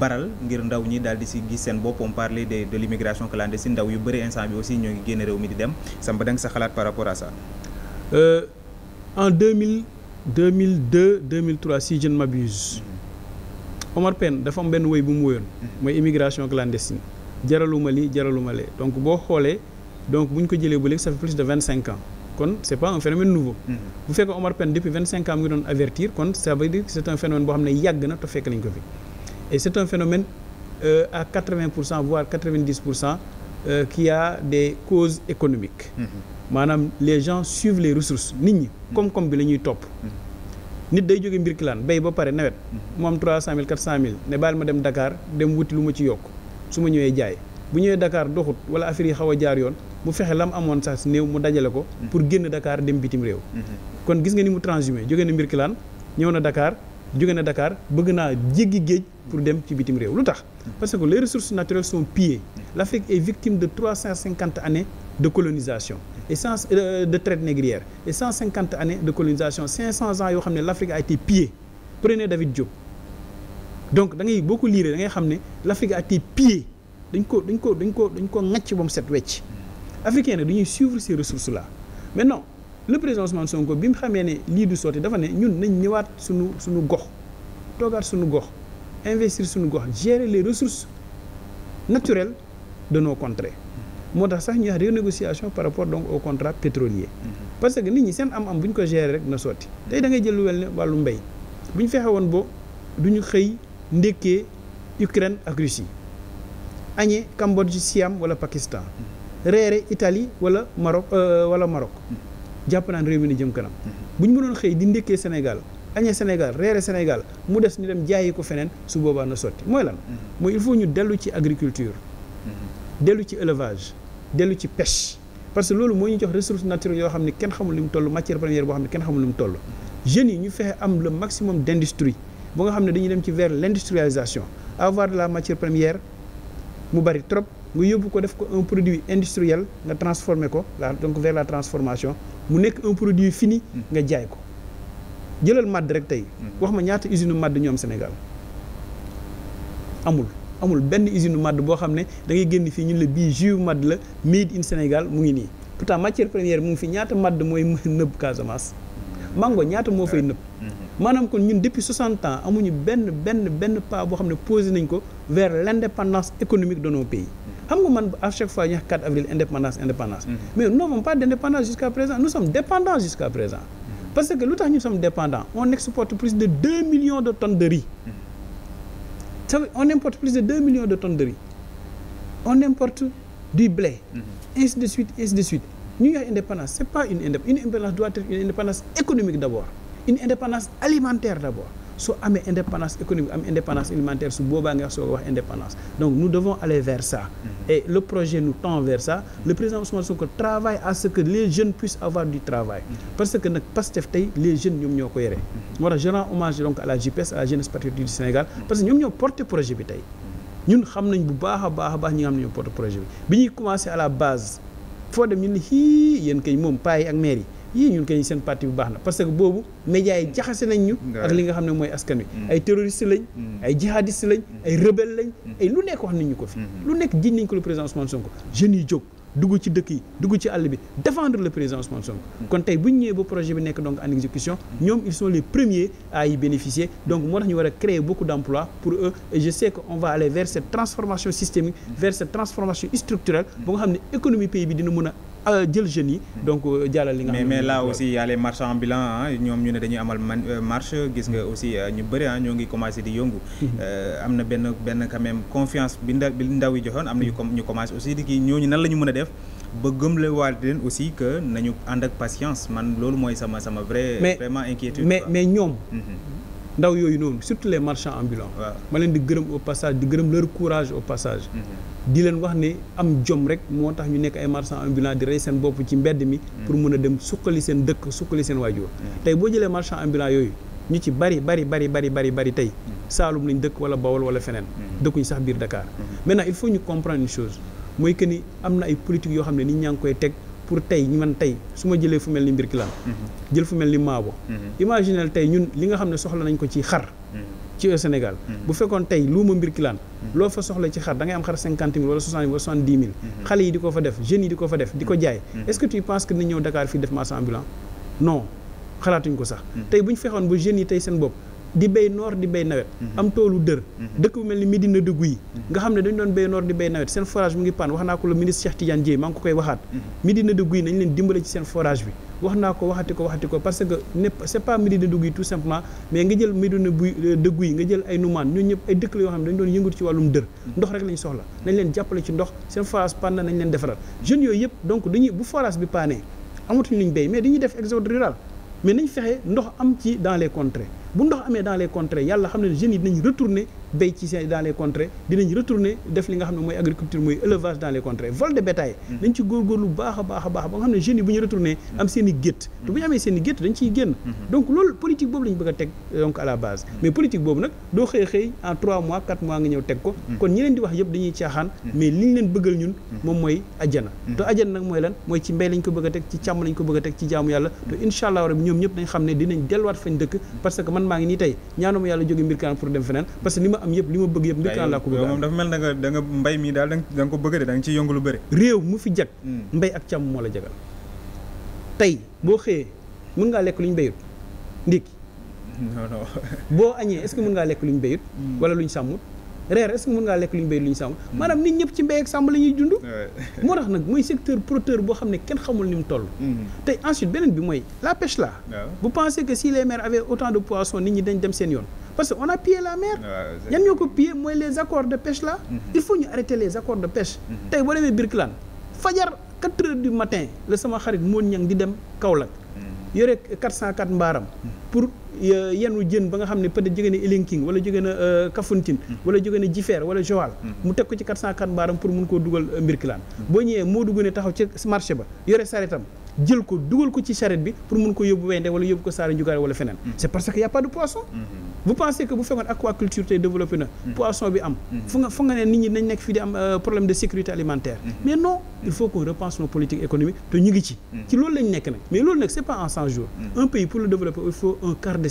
baral ngir ndaw ñi daal di si gis seen bopp on parlait de de l'immigration clandestine ndaw yu bëri instant bi aussi ñoo ngi génn réew mi di dem Samba da nga sa xalaat par rapport à ça. Euh, en 2000 2002 2003 si je ne m'abuse mhm. Omar Pène dafa am benn woy bu mu woyoon mhm. mooy immigration clandestine jaraluma li jaraluma lee donc boo xoolee. donc bu ñu ko jëlee ba léegi ça fait plus de vingt cinq ans kon c' est pas un phénomène nouveau. Mm-hmm. bu fekkee Omar Pène depuis vingt cinq ans mu ngi doon avertir kon ça veut dire que c' boo xam ne yàgg na te fekk nañ ko fi et c' est un euh, à quatre vingt pour cent voire quatre vingt dix pour cent euh, qui a des causes économique mm-hmm. maanaam les gens suivent les ressources nit ñi. Mm-hmm. koom-koom bi la ñuy topp. nit day jóge mbir kilaan béy ba pare nawet moom cent 400000 ne baal ma dem Dakar dem wuti ma ci yokk su ma ñëwee jaay bu ñëwee Dakar doxut wala affaire yi xaw a jaar yoon mu fexe mu amoon sax néew mu dajale ko. Mm-hmm. pour génn dakaar dem bitim réew. Mm-hmm. kon gis nga ni mu transhumé jóge na Mbirkilaan ñëw na dakaar jóge na dakaar bëgg naa jéggi géej pour dem ci bitim réew lu tax. Mm-hmm. parce que les ressources naturelles sont pillées. l'Afrique est victime de trois cent cinquante années de colonisation. et cent euh, de traite négrière cent cinquante années de colonisation cinq cent ans yoo xam ne l'Afrique a été pillée prenez David Diop. donc da ngay boo ko liiree da ngay xam ne l'Afrique a été pillée ko dañ ko dañ ko dañ ko ŋàcc ba mu set wecc africains nag dañuy suivre ces ressources mais maintenant le président Ousmane ko bi mu xamee ne lii du sotti dafa ne ñun nañ ñëwaat suñu suñu gox toogaat suñu gox investir suñu gox gérer les ressources naturelles de nos contrées moo tax sax ñuy wax renégociation par rapport donc au contrat pétrolier mm-hmm. parce que nit ñi seen am am bu ñu ko gérer rek na sotti tey da ngay jël lu wel ne wàllu mbéy bu ñu fexe woon bo du ñu xëy ndekkee Ukraine ak Russie añee Cambodge Siam wala Pakistan mm-hmm. reere itali wala Maroc euh, wala Maroc jàpp naan réew mi ne jëm kanam bu ñu mënoon xëy di ndekkee Sénégal añee Sénégal reere Sénégal mu des ñu dem jaayi ko feneen su boobaa na sotti mooy lan mooy il faut ñu dellu ci agriculture dellu ci élevage dellu ci pêche parce que loolu moo ñu jox ressources naturelles yoo xam ne kenn xamul li mu toll matière première boo xam ne kenn xamul li mu toll jeunes yi ñu fexe am le maximum d' industrie ba nga xam ne dañuy dem ci vers l' industrialisation avoir de la matière première mu bari trop nga yóbbu ko def ko un produit industriel nga transformer ko la donc vers la transformation mu nekk un produit fini hmm. nga jaay ko jëlal madd rek tey hmm. wax ma ñaata usine madd ñoom Sénégal amul amul benn usine madd boo xam ne da ngay génn fii ñun la bii jus madd la made in Sénégal mu ngi nii pourtant matière première mu ngi fi ñaata màdd mooy <laughs> nëbb Casamance mango ñaata moo fay nëbb hmm. maanaam kon ñun depuis 60 ans amuñu benn benn benn pas boo xam ne posé nañ ko vers l' indépendance économique de nos pays xam nga man à chaque fois ñu wax 4 avril indépendance indépendance. Mm-hmm. mais nous n'avons pas d'indépendance jusqu'à présent nous sommes dépendants jusqu'à présent. Mm-hmm. parce que lu tax ñu sommes dépendants on exporte plus de 2 millions de tonnes de riz. Mm-hmm. ça veut on importe plus de 2 millions de tonnes de riz on importe du blé. ainsi de suite ainsi de suite ñu wax indépendance c'est pas une indépendance une indépendance doit être une indépendance économique d'abord une indépendance su amee indépendance économique am indépendance alimentaire su boobaa nga soog a wax indépendance donc nous devons aller vers ça mm-hmm. et le projet nous tend vers le président Ousmane Sonko travaille à ce que les jeunes puissent avoir du travail mm-hmm. parce que nag Pastef tey les jeunes ñoom ñoo ko yore mm-hmm. moo tax je rends hommage donc à la JPS à la jeunesse patriotique Sénégal parce que ñoom ñoo porté projet bi tey ñun xam nañ bu baax a baax a baax ñi nga xam projet bi bi ñuy commencé à la base foo dem ñu ne xii yéen kay moom paa ak maire yii ñun kay seen parti bu baax na parce que boobu médias yi jaxase nañ ñu ak li nga xam ne mooy askan wi mm. ay terroriste lañ mm. ay jihadiste lañ mm. ay rebelle lañ ay lu nekk wax nañ ñu ko fi mm-hmm. lu nekk jiñ nañ ko le président Ousmane Sonko jeunes yi jóg dugg ci dëkk yi dugg ci àll bi défendre le président Ousmane kon tey bu ñu ñëwee ba projet bi nekk donc en exécution ñoom ils sont les premiers à y bénéficier donc moo tax ñu war a créer beaucoup d'emplois pour eux et je sais que on va aller vers cette transformation systémique vers cette transformation bi dina mën a jël jeunes yi. donc euh, jàllal li nga xam ne mais la aussi y a les ñoom ñu ne dañuy amal man euh, marche gis nga aussi euh, ñu bëri ah ñoo ngi commencé di yëngu. Mhm. am na benn benn quand même confiance bi ndaw ndaw yi joxoon am na ñu commencé aussi di kii ñooñu nan la ñu mën a def. ba gëmlewaat leen aussi que nañu ànd ak patience man loolu mooy sama sama vrai. Mais, vraiment inquiétude mais mais ñoom. Mhm. ndaw yooyu noonu surtout les marchands ambulants. ma leen di gërëm au passage di gërëm leur courage au passage. Mhm. di leen wax ne am jom rek moo tax ñu nekk ay marchands ambulants di rey seen bopp ci mbedd mi pour mën a dem sukkali seen dëkk sukkali seen waajur mm. tey boo jëlee marchands ambulants yooyu ñu ci bari bari bari bari bari bari tey mm. Saalum lañ dëkk wala Bawol wala feneen mm. dëkkuñu sax biir Dakar maintenant il faut ñu comprendre une chose mooy que ni am na ay politique yoo xam ne nit ñaa ngi koy teg pour tey ñu man tey su ma jëlee fu mel ni Mbirkilaan mhm. jël fu mel ni Maabo mhm. imaginel tey ñun li nga xam ne soxla nañ ko ci xar mhm. ci Sénégal bu fekkoon tey luuma Mbirkilaan loo fa soxla ci xar da ngay am xar cinquante mille wala soixante mille wala soixante dix mille xale yi di ko fa def jeunes yi di ko fa def di ko jaay est-ce que tu penses que dinañ ñëw Dakar fii def marché ambulant non xalaatuñ ko sax tey bu ñu fexoon ba jeunes yi tey seen bopp di béy noor di béy nawet mhm. am toolu dër mhm. dëkk bu mel ni Médina de yi mhm. nga xam ne dañ doon béy noor di béy nawet seen forage mu ngi paan wax naa ko le ministre Cheikh Tidiane Dièye maa ngi ko koy seen forage bi wax naa ko waxati ko waxati ko parce que ne c'est pas Médina de Gouy tout simplement mais nga jël Médina de yi euh, nga jël ay Noumaan ñun ñëpp ay dëkk la yoo xam ne dañ doon yëngatu ci wàllum dër ndox rek lañ soxla nañ leen jàppale ci ndox seen forage paan na nañ leen defaral yooyu yëpp donc dañuy bu bi paanee amatuñ luñ béy mais dañuy def exode rural mais nañ fexe ndox am ci dans les contrées bu ndox amee dans les contrées yàlla xam na jeunes yi dinañ retourner béy ci seen dans les contrées dinañ retourner def li nga xam ne mooy agriculture mooy élevage dans les contrées vol de bétail dañ mm. ci góorgóorlu baax a baax a baax ba nga xam ne jeunes bu ñu retourner mm. am seen gétt mm. te bu ñu amee seen gétt dañ ciy génn mm-hmm. donc loolu politique boobu la bëgg a teg euh, donc à la base mais politique boobu nag doo xëy xëy en 3 mois 4 mois nga ñëw teg ko kon ñi di wax yëpp dañuy caaxaan mais liñ leen bëggal am yëpp li ma bëgg yëpp ndëkk laa ko bëgg moom dafa mel na nga da mi daal da nga ko bëgg de da nga ciy yëngu lu bëri réew mu fi jag hmm. mbay ak càmm moo la jagal tey boo xëyee mën ngaa lekk lu ñu béyut ndékki <laughs> non non boo añee est-ce ngaa lekk lu ñu béyut hmm. wala lu ñu sàmmut reer est lekk lu ñu lu ñu sàmm hmm. maanaam nit ñëpp ci mbéy ak sàmm la ñuy dund <laughs> moo tax nag mooy secteur proteur boo xam ne kenn xamul ni mu toll tey ensuite beneen bi mooy la pêche là vous pensez que si les mers avaient autant de poissons nit ñi dañ dem seen yoon parce que on a pillé la mer. ñan ñoo ko pillé mooy les accords de pêche là. Mhm. il faut ñu arrêter les accords de pêche. Mhm. tey boo demee Birkelane fajar 4 du matin la sama xarit moon ñang di dem Kaolack. Mhm. yore 404 mbaaram. pour euh, yenu jën ba nga xam ne peut-être jóge na Elinking wala jóge na euh, Kafountine. wala jóge na Jifeer wala Joal. mu teg ko ci 404 mbaaram pour mun koo dugal euh, Birkelane. boo ñëwee moo dugg ne taxaw ci marché ba yore saretam jël ko dugal ko ci charrette bi pour mun ko yóbbu Wende wala yóbbu ko Saara Ndiougaare wala feneen. Mm-hmm. c' est parce que y' a pas de poisson. Mm-hmm. vous pensez que bu fekkoon aquaculture tey développé na. Mm-hmm. poisson bi am. fu nga fu nga ne nit ñi nekk fii di am euh, problème de sécurité alimentaire. mais non il faut qu'on repense nos politiques économiques te ñu ngi ci. ci loolu lañ nekk nag mais loolu nag c' est pas en cent jours. un pays pour le développer il faut un quart de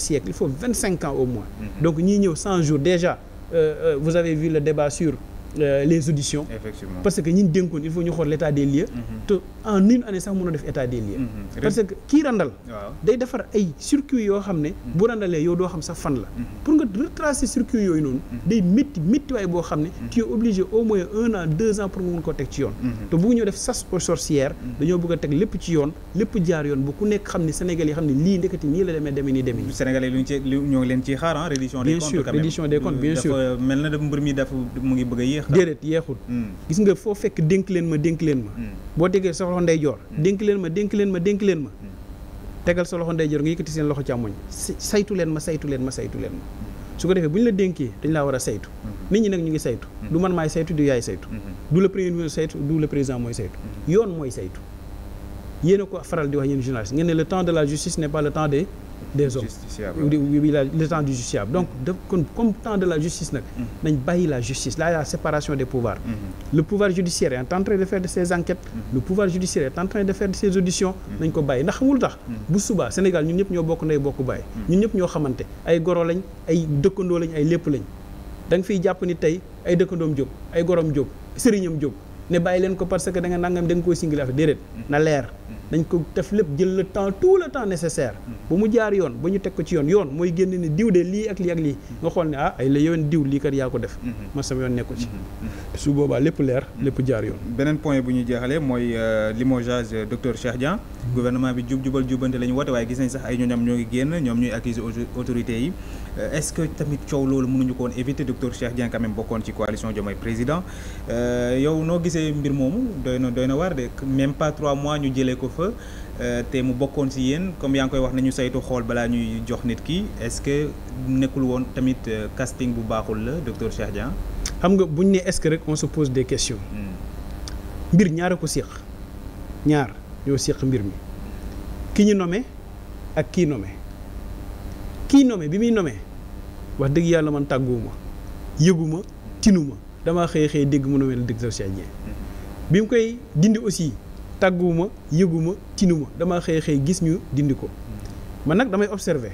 ñëw cent jours déjà euh, euh, vous avez vu le débat Euh, les auditions. parce que ñu dénkoon il faut ñu xool l' état des lieux. Mhm. te en une année sax mënoo def état des lieux. Mhm. parce que kii randal. day defar ay circuit yoo xam ne. Mhm. bu randalee yow doo xam sax fan la. pour nga retracer circuit yooyu noonu. day métti méttiwaay boo xam ne. tu es obligé au moins un an deux ans pour nga mun koo teg ci yoon. te bu ñëw def chasse aux sorcières. dañoo bëgg a teg lépp ci yoon lépp jaar yoon bu ku nekk xam ne Sénégal yi xam ne déedéet yeexul hmm. gis nga foo fekk dénk leen ma dénk leen ma hmm. boo déggee sa loxo ndeyjoor hmm. dénk leen ma dénk leen ma dénk leen ma tegal sa loxo ndeyjoor nga yëkkati seen loxo càmmoñ saytu leen ma saytu leen ma saytu leen ma su ko defee bu ñu la dénkee dañ la war a saytu nit ñi nag ñu ngi saytu du man maay saytu du yaay saytu du le premier ministre saytu du le président mooy saytu yoon mooy saytu yéen ko faral di wax yéen journaliste ngeen ne le temps de la justice n'est pas le temps des des hommes oui la le temps du justiciable donc de comme temps de la justice nag mm-hmm. nañ bàyyi la justice là la séparation des pouvoirs mm-hmm. le pouvoir judiciaire est en train de faire de ses enquêtes mm-hmm. le pouvoir judiciaire est en train de faire de ses auditions nañ ko bàyyi ndax xamul tax bu subaa Sénégal ñun ñëpp ñoo bokk ndey bokk bàyyi ñun ñëpp ñoo xamante ay goro lañ ay dëkkandoo lañ ay lépp lañ danga nga jàpp ni tey ay dëkkandoom jóg ay gorom jóg sëriñam jóg ne bàyyi leen ko parce que da nga nangam da nga koy singil affaire déedéet na leer dañ ko def lépp jël la temps tout le temps nécessaire mm. ba mu jaar yoon ba ñu teg ko ci yoon yoon mooy génn ni diw de lii ak lii ak lii mm. nga xool ne ah ay la yoon diw lii kat yaa ko def mm-hmm. man sama yoon nekku ci mm-hmm. Mm-hmm. su boobaa lépp leer lépp jaar yoon beneen point bu ñu jeexalee mooy euh, limogeage euh, docteur Cheikh Dieng gouvernement bi jub jubal jubante la ñu woote waaye gis nañ sax ay ñooñam ñoo ngi génn ñoom ñuy accuser autorités yi Euh, est-ce que tamit coow loolu mënuñu ko woon éviter docteur Cheikh Dieng quand même bokkoon ci coalition Diomaye président euh, yow noo gisee mbir moomu doy na doy waar de même pas trois mois ñu jëlee ko fa euh, te mu bokkoon ci yéen comme yaa ngi koy wax nañu saytu xool balaa ñuy jox nit ki est-ce que nekkul woon tamit casting bu baaxul la docteur cher Dieng. xam nga bu buñ ne est-ce que rek on se pose de questions. Hmm. mbir ñaara ko séq ñaar ñoo séq mbir mi ki ñu nommé ak kii nommé. kii nommé bi muy nommé wax dëgg yàlla man tàgguwuma yëguma tinuma damaa xëy xëy dégg mu nommé la Degauche Dieng bi mu koy dindi aussi tàgguwuma yëguma tinuma damaa xëy xëy gis ñu dindi ko man nag damay observé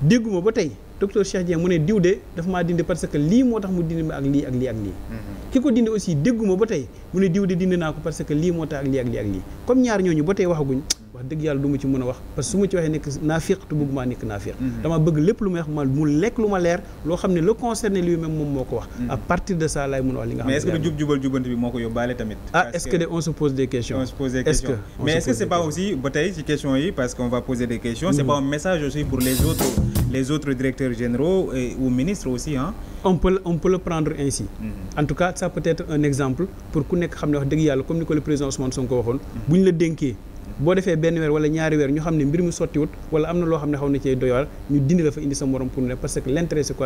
dégguma ba tey docteur Cheikh Dieng mu ne diw de dafa maa dindi parce que lii moo tax mu dindi ma ak lii ak lii ak lii mm-hmm. ki ko dindi aussi dégguma ba tey mu ne diw de dindi naa ko parce que lii moo tax ak lii ak lii ak lii comme ñaar ñooñu ba tey waxaguñ wax dëgg yàlla du ci mën a wax parce que su ma ci waxee nekk naafiq te bëggumaa nekk naafiq mhm. dama bëgg lépp lu may wax ma mu lekk lu ma leer loo xam ne le concerné lui même moom moo ko wax mhm. à partir de ça laay mën a wax li nga xam ne mais jub jubal jubante bi moo ko yóbbaale tamit ah est-ce que de on se pose des questions on se pose mais est-ce que c'est pas aussi ba tey ci questions yi parce qu'on va poser des questions c'est mhm. pas un message aussi ou nekk xam yàlla comme ni ko boo defee benn weer wala ñaari weer ñu xam ne mbir mu sottiwut wala am na loo xam ne xaw na cee doy waar ñu dindi la fa indi sa morom pour ne parce que l' intérêt c'est l'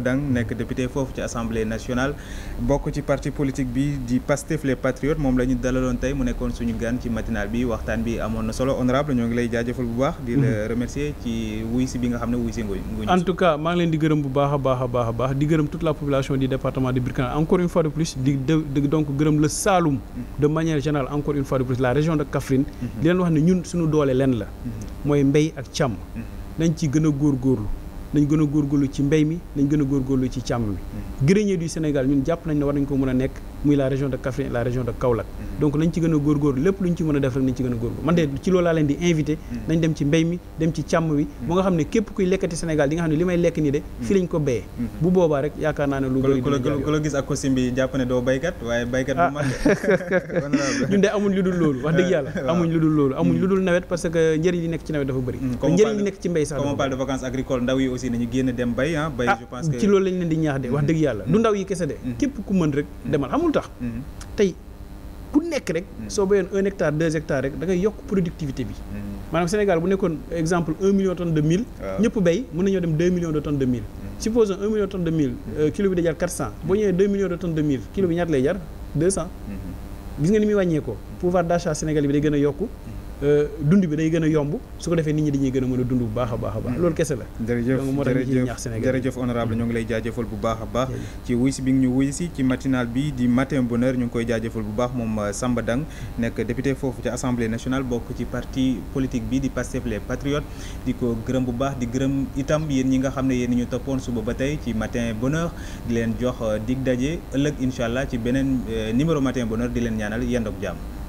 hmm. euh, foofu ci assemblée nationale bokk ci parti politique bi di Pastef les patriotes moom la ñu dalaloon tey mu nekkoon suñu gan ci matinal bi waxtaan bi amoon na solo honorable ñoo ngi lay jaajëfal bu baax di la hmm. ci wuy si bi nga xam ne wuy si nguñ en tout cas maa leen di gërëm a baax a a baax du département de Birkina encore une fois de plus di di donc gërëm la Saloum de manière générale encore une de plus la région de Kaffrine mhm. di leen wax ne ñun suñu doolee lenn la mhm. mooy mbéy ak càmm mhm. nañ ci gën góor góorgóorlu nañ gën a góorgóorlu ci mbéy mi nañ gën góor góorgóorlu ci càmm mi grenier du Sénégal ñun jàpp nañ ne war nañ ko mën a nekk muy la région de Kaffrine et la région de Kaolack mhm. donc nañ ci gën a góorgóorlu lépp lu ñu ci mën a def rek nañ ci gën a góorgóorlu man de ci loolu laa leen di ñaax de wax dëgg yàlla hmm. du ndaw yi kese de hmm. képp ku mën rek hmm. demal lu tax mm-hmm. tey ku nekk rek mm-hmm. soo béyoon un hectare deux rek da yokk productivité bi mm-hmm. maanaam Sénégal bu nekkoon exemple un million tonnes de mil ñëpp béy mën nañoo dem deux millions de tonnes de mil un million euh, kilo bi day jar quatre cent boo ñëwee deux millions kilo bi ñaata lay jar deux cent gis nga ni muy wàññeekoo pouvoir d'achat Sénégal bi day gën a yokku Euh, dund bi day gën a yomb su ko defee nit ñi dañuy gën a mën dund bu baax a baax a baax hmm. loolu kese la donc moo tax ñu ciy ñaax honorable ñoo ngi lay jaajëfal bu baax a baax ci wuy si bi nga ñu wuy si ci matinal bi di matin bonheur ñu ngi koy jaajëfal bu baax moom euh, Samba Dang nekk député foofu ci assemblée nationale bokk ci parti politique bi di Pastef les patriotes di ko gërëm bu baax di gërëm itam yéen ñi nga xam ne yéen ñu toppoon suba ba tey ci matin bonheur di leen jox euh, dig daje ëllëg incha ci beneen numéro matin bonheur di leen ñaanal yendoog jàmm